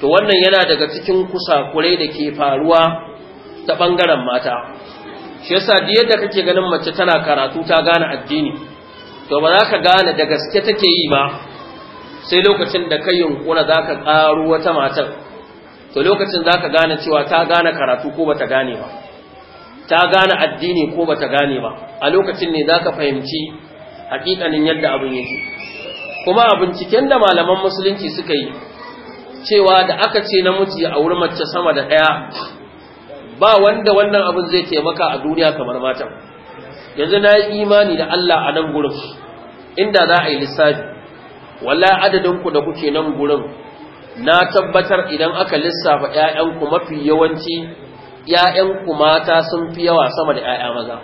to wannan yana daga cikin kusakurai da ke faruwa ta ɓangaren mata shi yasa da yadda kake ganin mace tana karatu ta gane addini to ba za ka gane da gaske take yi ba sai lokacin da ka yunkura za ka ƙaro wata matar to lokacin za ka gane cewa ta gane karatu ko ba ta gane ba ta gane addini ko ba ta gane ba a lokacin ne za ka fahimci haƙiƙanin yadda abin yake kuma a binciken da malaman musulunci suka yi cewa da aka ce na namiji a wurin mace sama da ɗaya ba wanda wannan abin zai taimaka a duniya kamar mata, yanzu na yi imani da Allah a nan gurin inda za a yi lissafi walla adadinku da kuke nan gurin na tabbatar idan aka lissafa ‘ya'yanku mafi yawanci ‘ya'yanku mata sun fi yawa sama da ‘ya'ya maza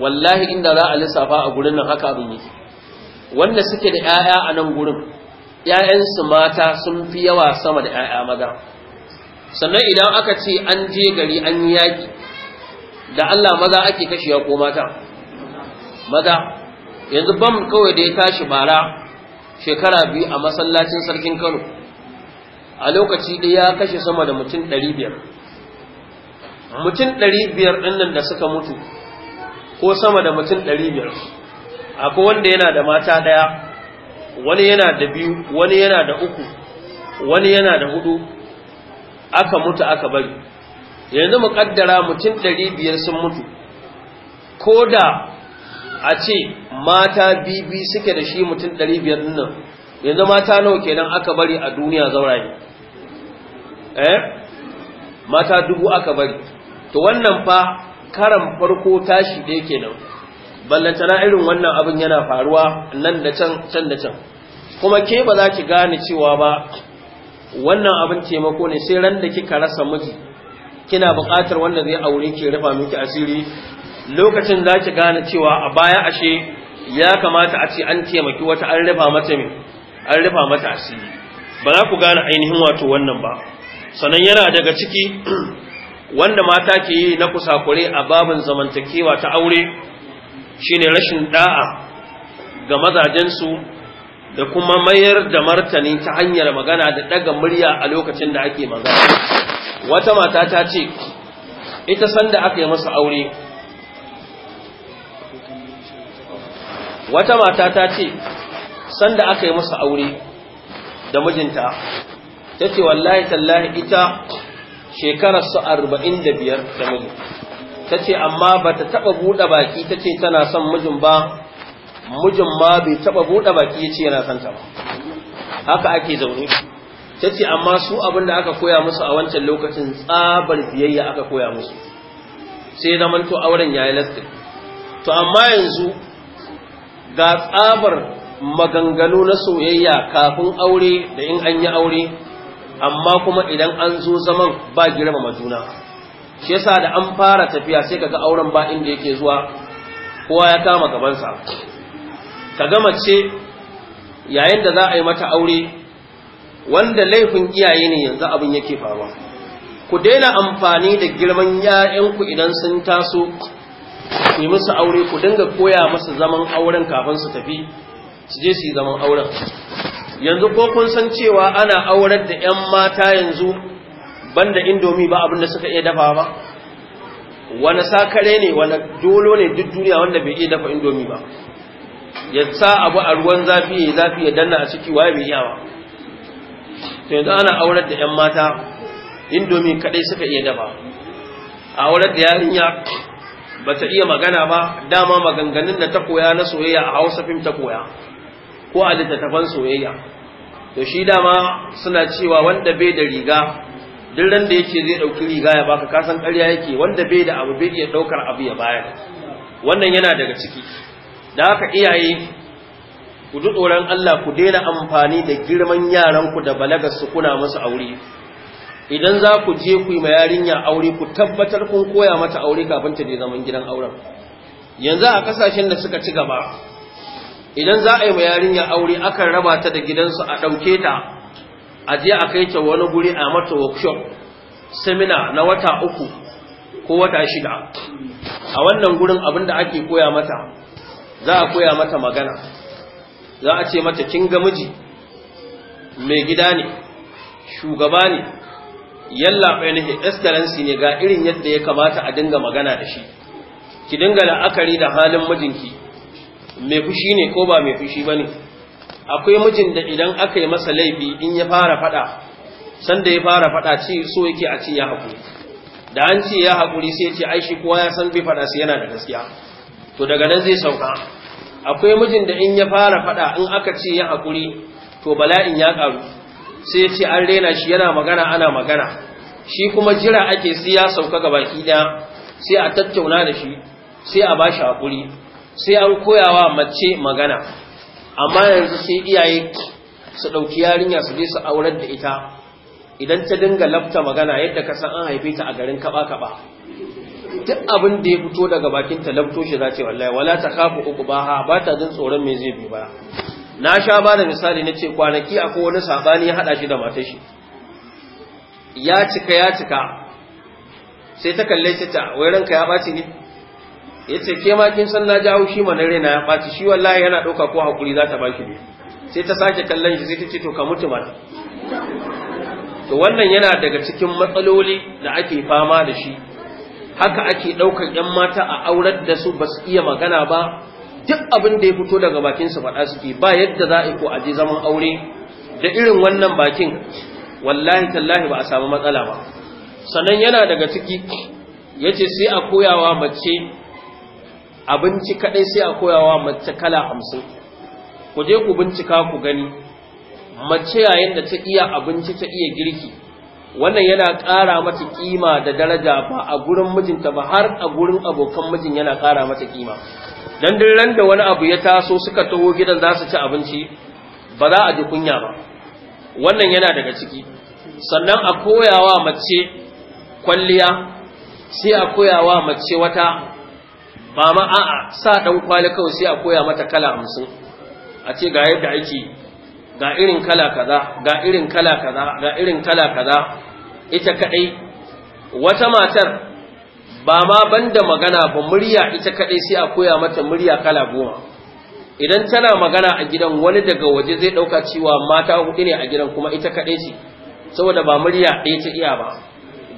wallahi inda za a lissafa a gurin nan haka abin yake wanda suke da 'ya'ya a nan gurin 'ya'yansu mata sun fi yawa sama da 'ya'ya maza sannan idan aka ce an je gari an yi yaƙi da Allah maza ake kashewa ko mata maza yanzu bam kawai da ya tashi bara shekara biyu a masallacin sarkin Kano a lokaci ɗaya ya kashe sama da mutum ɗari biyar mutum ɗari biyar ɗin nan da suka mutu ko sama da mutum ɗari biyar akwai wanda yana da mata ɗaya wani yana da biyu wani yana da uku wani yana da hudu aka mutu aka bari yanzu mu kaddara mutum ɗari biyar sun mutu ko da a ce mata bibi suke da shi mutum ɗari biyar nan yanzu mata nawa kenan aka bari a duniya zauraye eh mata dubu aka bari to wannan fa karan farko tashi ɗaya kenan ballantana irin wannan abin yana faruwa nan da can can da can kuma ke ba za ki gane cewa ba wannan abin taimako ne sai ran da kika rasa miji kina buƙatar wanda zai aure ki rufa miki asiri lokacin za ki gane cewa a baya ashe ya kamata a ce an taimaki wata an rufa mata an rufa mata asiri ba za ku gane ainihin wato wannan ba sannan yana daga ciki *clears throat* wanda mata ke yi na kusakure a babin zamantakewa ta aure shine rashin da'a ga mazajensu da kuma mayar da martani ta hanyar magana da daga murya a lokacin da ake magana wata mata ta ce ita sanda aka yi masa aure wata mata ta ce sanda aka yi masa aure da mijinta ta ce wallahi tallahi ita shekararsu arba'in da biyar da mijinta ta ce amma ba ta taɓa buɗe baki ta ce tana son mijin ba mijin ma bai taɓa buɗe baki ya ce yana son ta ba haka ake zaune ta ce amma su abin da aka koya musu a wancan lokacin tsabar biyayya aka koya musu sai zaman to auren yayi lastin to amma yanzu ga tsabar maganganu na soyayya kafin aure da in an yi aure amma kuma idan an zo zaman ba girmama juna shi yasa da an fara tafiya sai kaga auren ba inda yake zuwa kowa ya kama gabansa gama ce. yayin da za a yi mata aure wanda laifin iyaye ne yanzu abin yake faruwa ku daina amfani da girman ku idan sun taso ku yi musu aure ku dinga koya musu zaman auren kafin su tafi su je su yi zaman auren yanzu ko kun san cewa ana aurar da 'yan mata yanzu banda indomi ba abin da suka iya dafa ba wani sakare ne wani dolo ne duk duniya wanda bai iya dafa indomi ba ya sa abu a ruwan zafi ya zafi ya danna a ciki waye bai ba to yanzu ana aurar da 'yan mata indomi kadai suka iya dafa aurar da yarinya ba ta iya magana ba dama maganganun da ta koya na soyayya a hausa fim ta koya ko a littattafan soyayya to shi dama suna cewa wanda bai da riga duk ran da yake zai dauki riga ya baka ka san ƙarya yake wanda bai da abu bai iya daukar abu ya bayar wannan yana daga ciki da haka iyaye ku ji tsoron Allah ku daina amfani da girman yaran ku da balagar su kuna musu aure idan za ku je ku yi ma yarinya aure ku tabbatar kun koya mata aure kafin ta je zaman gidan auren yanzu a kasashen da suka ci gaba idan za a yi ma yarinya aure akan raba ta da gidansu a ɗauke ta a je a kai ta wani guri a mata workshop seminar na wata uku ko wata shida a wannan gurin abin da ake koya mata za a koya mata magana za a ce mata kin ga miji mai gida ne shugaba ne yalla ainihi excellency ne ga irin yadda ya kamata a dinga magana da shi ki dinga la'akari da halin mijinki mai fushi ne ko ba mai fushi bane akwai mijin da idan aka yi masa laifi in ya fara faɗa sanda ya fara faɗa ci so yake a ce ya haƙuri da an ce ya haƙuri sai ce ai shi kowa ya san bi fada sai yana da gaskiya to daga nan zai sauka akwai mijin da in ya fara faɗa in aka ce ya haƙuri to bala'in ya ƙaru sai ya ce an rena shi yana magana ana magana shi kuma jira ake sai ya sauka ga baki ɗaya sai a tattauna da shi sai a ba shi haƙuri sai an koyawa mace magana amma yanzu sai iyaye su ɗauki yarinya su je su aurar da ita idan ta dinga lafta magana yadda ka san an haife ta a garin kaba-kaba duk abin da ya fito daga bakin ta lafto shi za wallahi wala ta kafa uku ba ha ba ta jin tsoron me zai bi ba na sha ba da misali na ce kwanaki akwai wani sabani ya hada shi da matar shi ya cika ya cika sai ta kalle shi ta wai ranka ya ɓaci ne yace ke ma kin san na ji haushi mana na ya ɓaci shi wallahi yana ɗauka ko hakuri za ta baki ne sai ta sake kallon shi sai ta ce to ka mutu mata. to wannan yana daga cikin matsaloli da ake fama da shi haka ake ɗaukar ‘yan mata a aurar da su ba su iya magana ba duk abin da ya fito daga bakin su faɗa suke ba yadda za a ko a je zaman aure da irin wannan bakin wallahi tallahi ba a samu matsala ba sannan yana daga ciki yace sai a koyawa mace abinci kaɗai sai a koyawa mace kala hamsin ku je ku bincika ku gani mace yayin da ta iya abinci ta iya girki wannan yana ƙara mata kima da daraja ba a gurin mijinta ba har a gurin abokan mijin yana ƙara mata kima dan duk da wani abu ya taso suka taho gidan za su ci abinci ba za a ji kunya ba wannan yana daga ciki sannan a koyawa mace kwalliya sai a koyawa mace wata ba ma a'a sa ɗan kwali kawai sai a koya mata kala hamsin a ce ga yadda ake ga irin kala kaza ga irin kala kaza ga irin kala kaza ita kaɗai wata matar ba ma banda magana ba murya ita kaɗai sai a koya mata murya kala goma idan tana magana a gidan wani daga waje zai ɗauka cewa mata hudu ne a gidan kuma ita kaɗai ce saboda ba murya ɗaya ta iya ba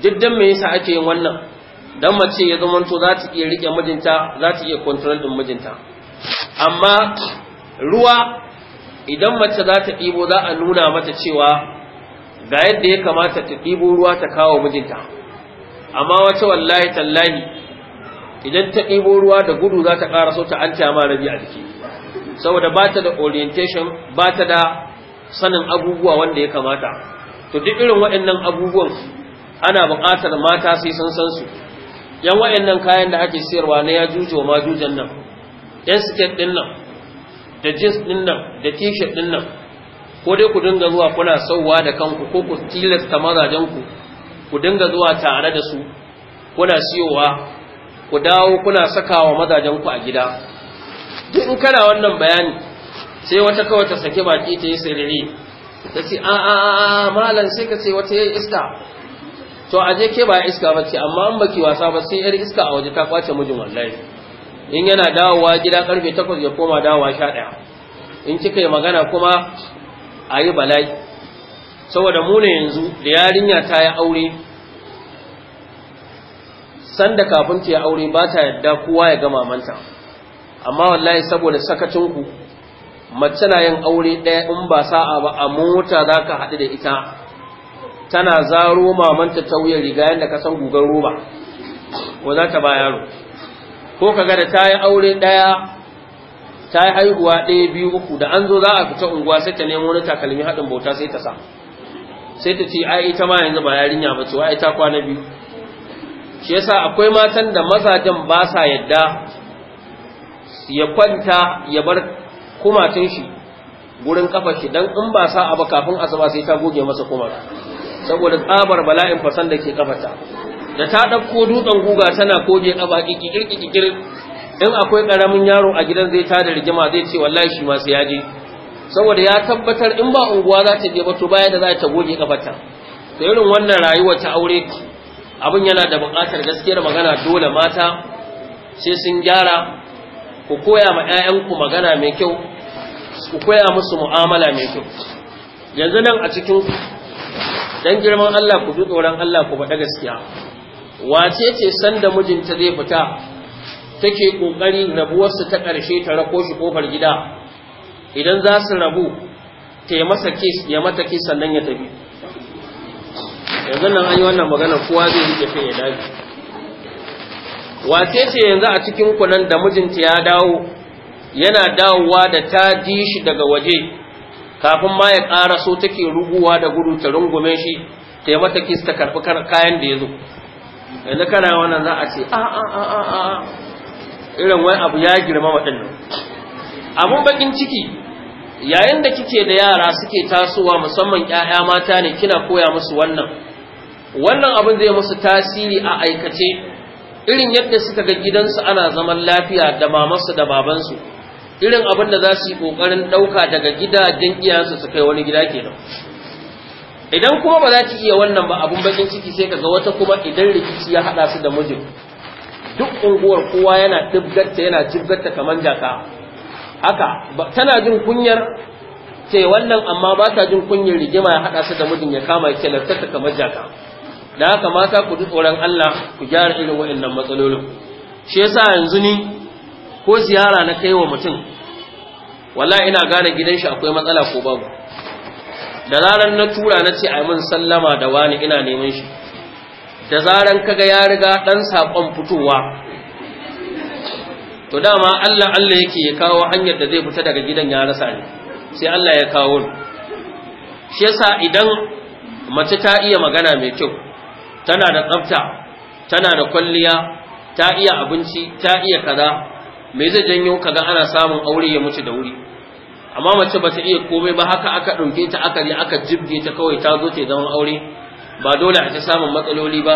duk dan me yasa ake yin wannan dan mace ya zama to za ta iya rike mijinta za ta iya control din mijinta amma ruwa idan mace za ta ɗibo za a nuna mata cewa ga yadda ya kamata ta ɗibo ruwa ta kawo mijinta amma wace wallahi tallahi idan ta ɗibo ruwa da gudu za ta ƙara so ta an ma rabi a jiki saboda ba ta da orientation ba ta da sanin abubuwa wanda ya kamata to duk irin waɗannan abubuwan ana buƙatar mata sai sun san su yan wa'in nan kayan da ake siyarwa na ya jujo ma jujan nan yan siket din nan da jeans din nan da t-shirt din nan ko dai ku dinga zuwa kuna sauwa da kanku ko ku tilasta mazajen ku ku dinga zuwa tare da su kuna siyowa ku dawo kuna sakawa mazajen ku a gida duk in kana wannan bayani sai wata kawai ta saki baki ta yi sirri ta ce a a a malam sai ka ce wata yayi iska to a je ke ba iska ba ce amma an baki wasa ba sai yar iska a waje ta kwace mijin wallahi in yana dawowa gida karfe 8 ya koma dawowa 11 in kika yi magana kuma ayi bala'i saboda mu ne yanzu da yarinya ta yi aure sanda kafin ta yi aure ba ta yadda kowa ya ga mamanta amma wallahi saboda sakacin ku mace na yin aure ɗaya in ba sa'a ba a mota za ka haɗu da ita tana zaro mamanta ta wuyan riga yadda ka san gugar roba ko za ta ba yaro ko kaga da ta yi aure ɗaya ta yi haihuwa ɗaya biyu uku da an zo za a fita unguwa sai ta nemo wani takalmi haɗin bauta sai ta sa sai ta ce ai ita ma yanzu ba yarinya ba ce ai ta kwana biyu shi yasa akwai matan da mazajen ba sa yadda ya kwanta ya bar kumatun shi gurin kafa shi dan in ba sa abu kafin asuba sai ta goge masa kumar saboda tsabar bala'in fasan da ke kafata da ta ɗauko dutsen guga tana koge ƙaba kikir kikir in akwai ƙaramin yaro a gidan zai tada rigima zai ce wallahi shi ma sai saboda ya tabbatar in ba unguwa za ta je ba to baya da za ta goge kafata to irin wannan rayuwar ta aure abin yana da buƙatar gaskiyar magana dole mata sai sun gyara ku koya ma 'ya'yanku magana mai kyau ku koya musu mu'amala mai kyau yanzu nan a cikin dan girman Allah ku ji tsoron Allah ku faɗa gaskiya wace ce san da mijinta zai fita take kokari rabuwarsu ta ƙarshe ta rako shi kofar gida idan za su rabu ta yi masa kis ya mata kis sannan ya tafi yanzu nan an yi wannan magana kowa zai yi tafi ya dace. wace ce yanzu a cikin kunan da mijinta ya dawo yana dawowa da ta ji shi daga waje kafin ma ya ƙara so take ruguwa da gudu ta rungume shi ta yi mata kista karfi kayan da ya zo yanzu kana wannan za a ce a a a a a irin wani abu ya girma waɗannan abun bakin ciki yayin da kike da yara suke tasowa musamman 'ya'ya mata ne kina koya musu wannan wannan abin zai musu tasiri a aikace irin yadda suka ga gidansu ana zaman lafiya da mamansu da babansu irin abin da za su yi ƙoƙarin ɗauka daga gidajen iyayensu su kai wani gida ke kenan idan kuma ba za ki iya wannan ba abun bakin ciki sai ka ga wata kuma idan rikici ya haɗa su da mijin duk unguwar kowa yana dubgatta yana kamar jaka haka tana jin kunyar ce wannan amma ba ta jin kunyar rigima ya haɗa su da mijin ya kama ya lantarka kamar jaka da haka mata ku ji tsoron Allah ku gyara irin waɗannan matsalolin shi yasa yanzu ni ko ziyara na kai wa mutum wallahi ina gane gidan shi akwai matsala ko babu da zaran na tura na ce a min sallama da wani ina neman shi da zaran kaga ya riga dan sakon fitowa to dama Allah Allah yake ya kawo hanyar da zai fita daga gidan ya rasa ne sai Allah ya kawo shi yasa idan mace ta iya magana mai kyau tana da tsafta tana da kwalliya ta iya abinci ta iya kaza me zai janyo kaga ana samun aure ya mutu da wuri amma mace ba ta iya komai ba haka aka ɗauke ta aka je aka jibge ta kawai ta zo ta zama aure ba dole a ta samun matsaloli ba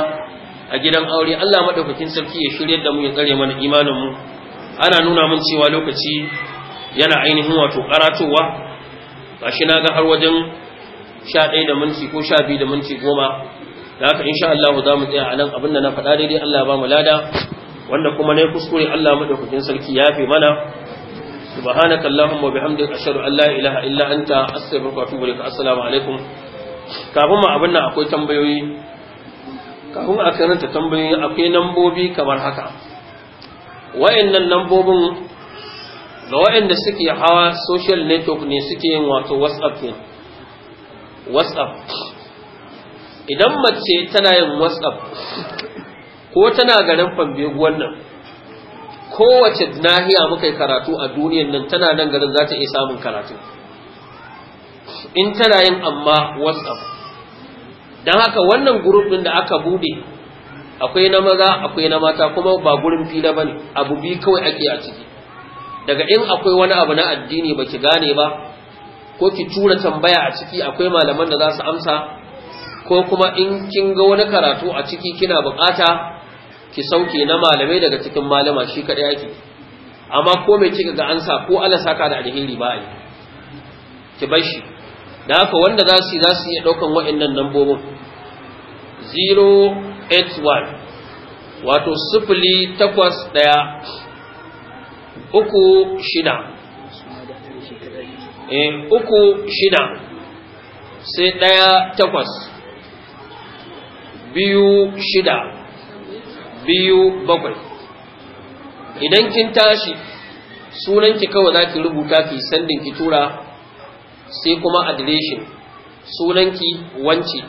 a gidan aure Allah madaukakin sarki ya shiryar da mu ya tsare mana imanin mu ana nuna mun cewa lokaci yana ainihin wato karatowa gashi na ga har wajen 11 da minti ko 12 da minti goma. da haka insha Allah za mu tsaya a nan abin da na faɗa daidai Allah ba mu lada wanda kuma ne kuskure Allah madaukakin sarki ya fi mana subhanaka allahumma bihamdika ashhadu an la ilaha illa anta astaghfiruka wa atubu ilaik assalamu alaikum kafin mu abin nan akwai tambayoyi kafin a karanta tambayoyi akwai nambobi kamar haka wayannan nambobin ga wayanda suke hawa social network ne suke yin wato whatsapp ne whatsapp idan mace tana yin whatsapp ko tana garin fambeguwan wannan, kowace nahiya muka yi karatu a duniyan nan tana nan garin za ta iya samun karatu in tana yin amma whatsapp don haka wannan guruf ɗin da aka bude akwai na maza akwai na mata kuma ba gurin fila ba ne abu bi kawai ake a ciki daga in akwai wani abu na addini ba ki gane ba ko ki tura tambaya a ciki akwai malaman da za su amsa ko kuma in kin ga wani karatu a ciki kina bukata ki sauke na malamai daga cikin malama shi kaɗai yake amma ko mai cika ga ansa ko Allah saka da alheri ba ai ki bar shi da haka wanda za su yi za su iya ɗaukan waɗannan lambobin 081 wato sifili takwas ɗaya eh, uku shida sai ɗaya takwas biyu shida biyu bakwai idan kin tashi sunanki kawai za ki rubuta ki sandin ki tura sai kuma adireshin sunanki wanci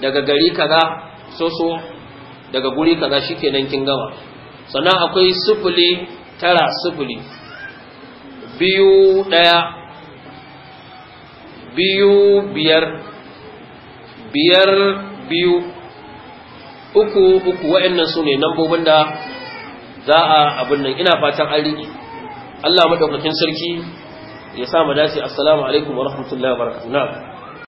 daga gari kaza soso daga guri kaza nan kin gama sannan akwai sufuli tara sufuli biyu ɗaya biyu biyar biyar biyu uku uku wa'annan su ne nambobin da za a abin nan ina fatan an riƙe Allah madaukakin sarki ya sa mu dace assalamu alaikum wa rahmatullahi wa barakatuh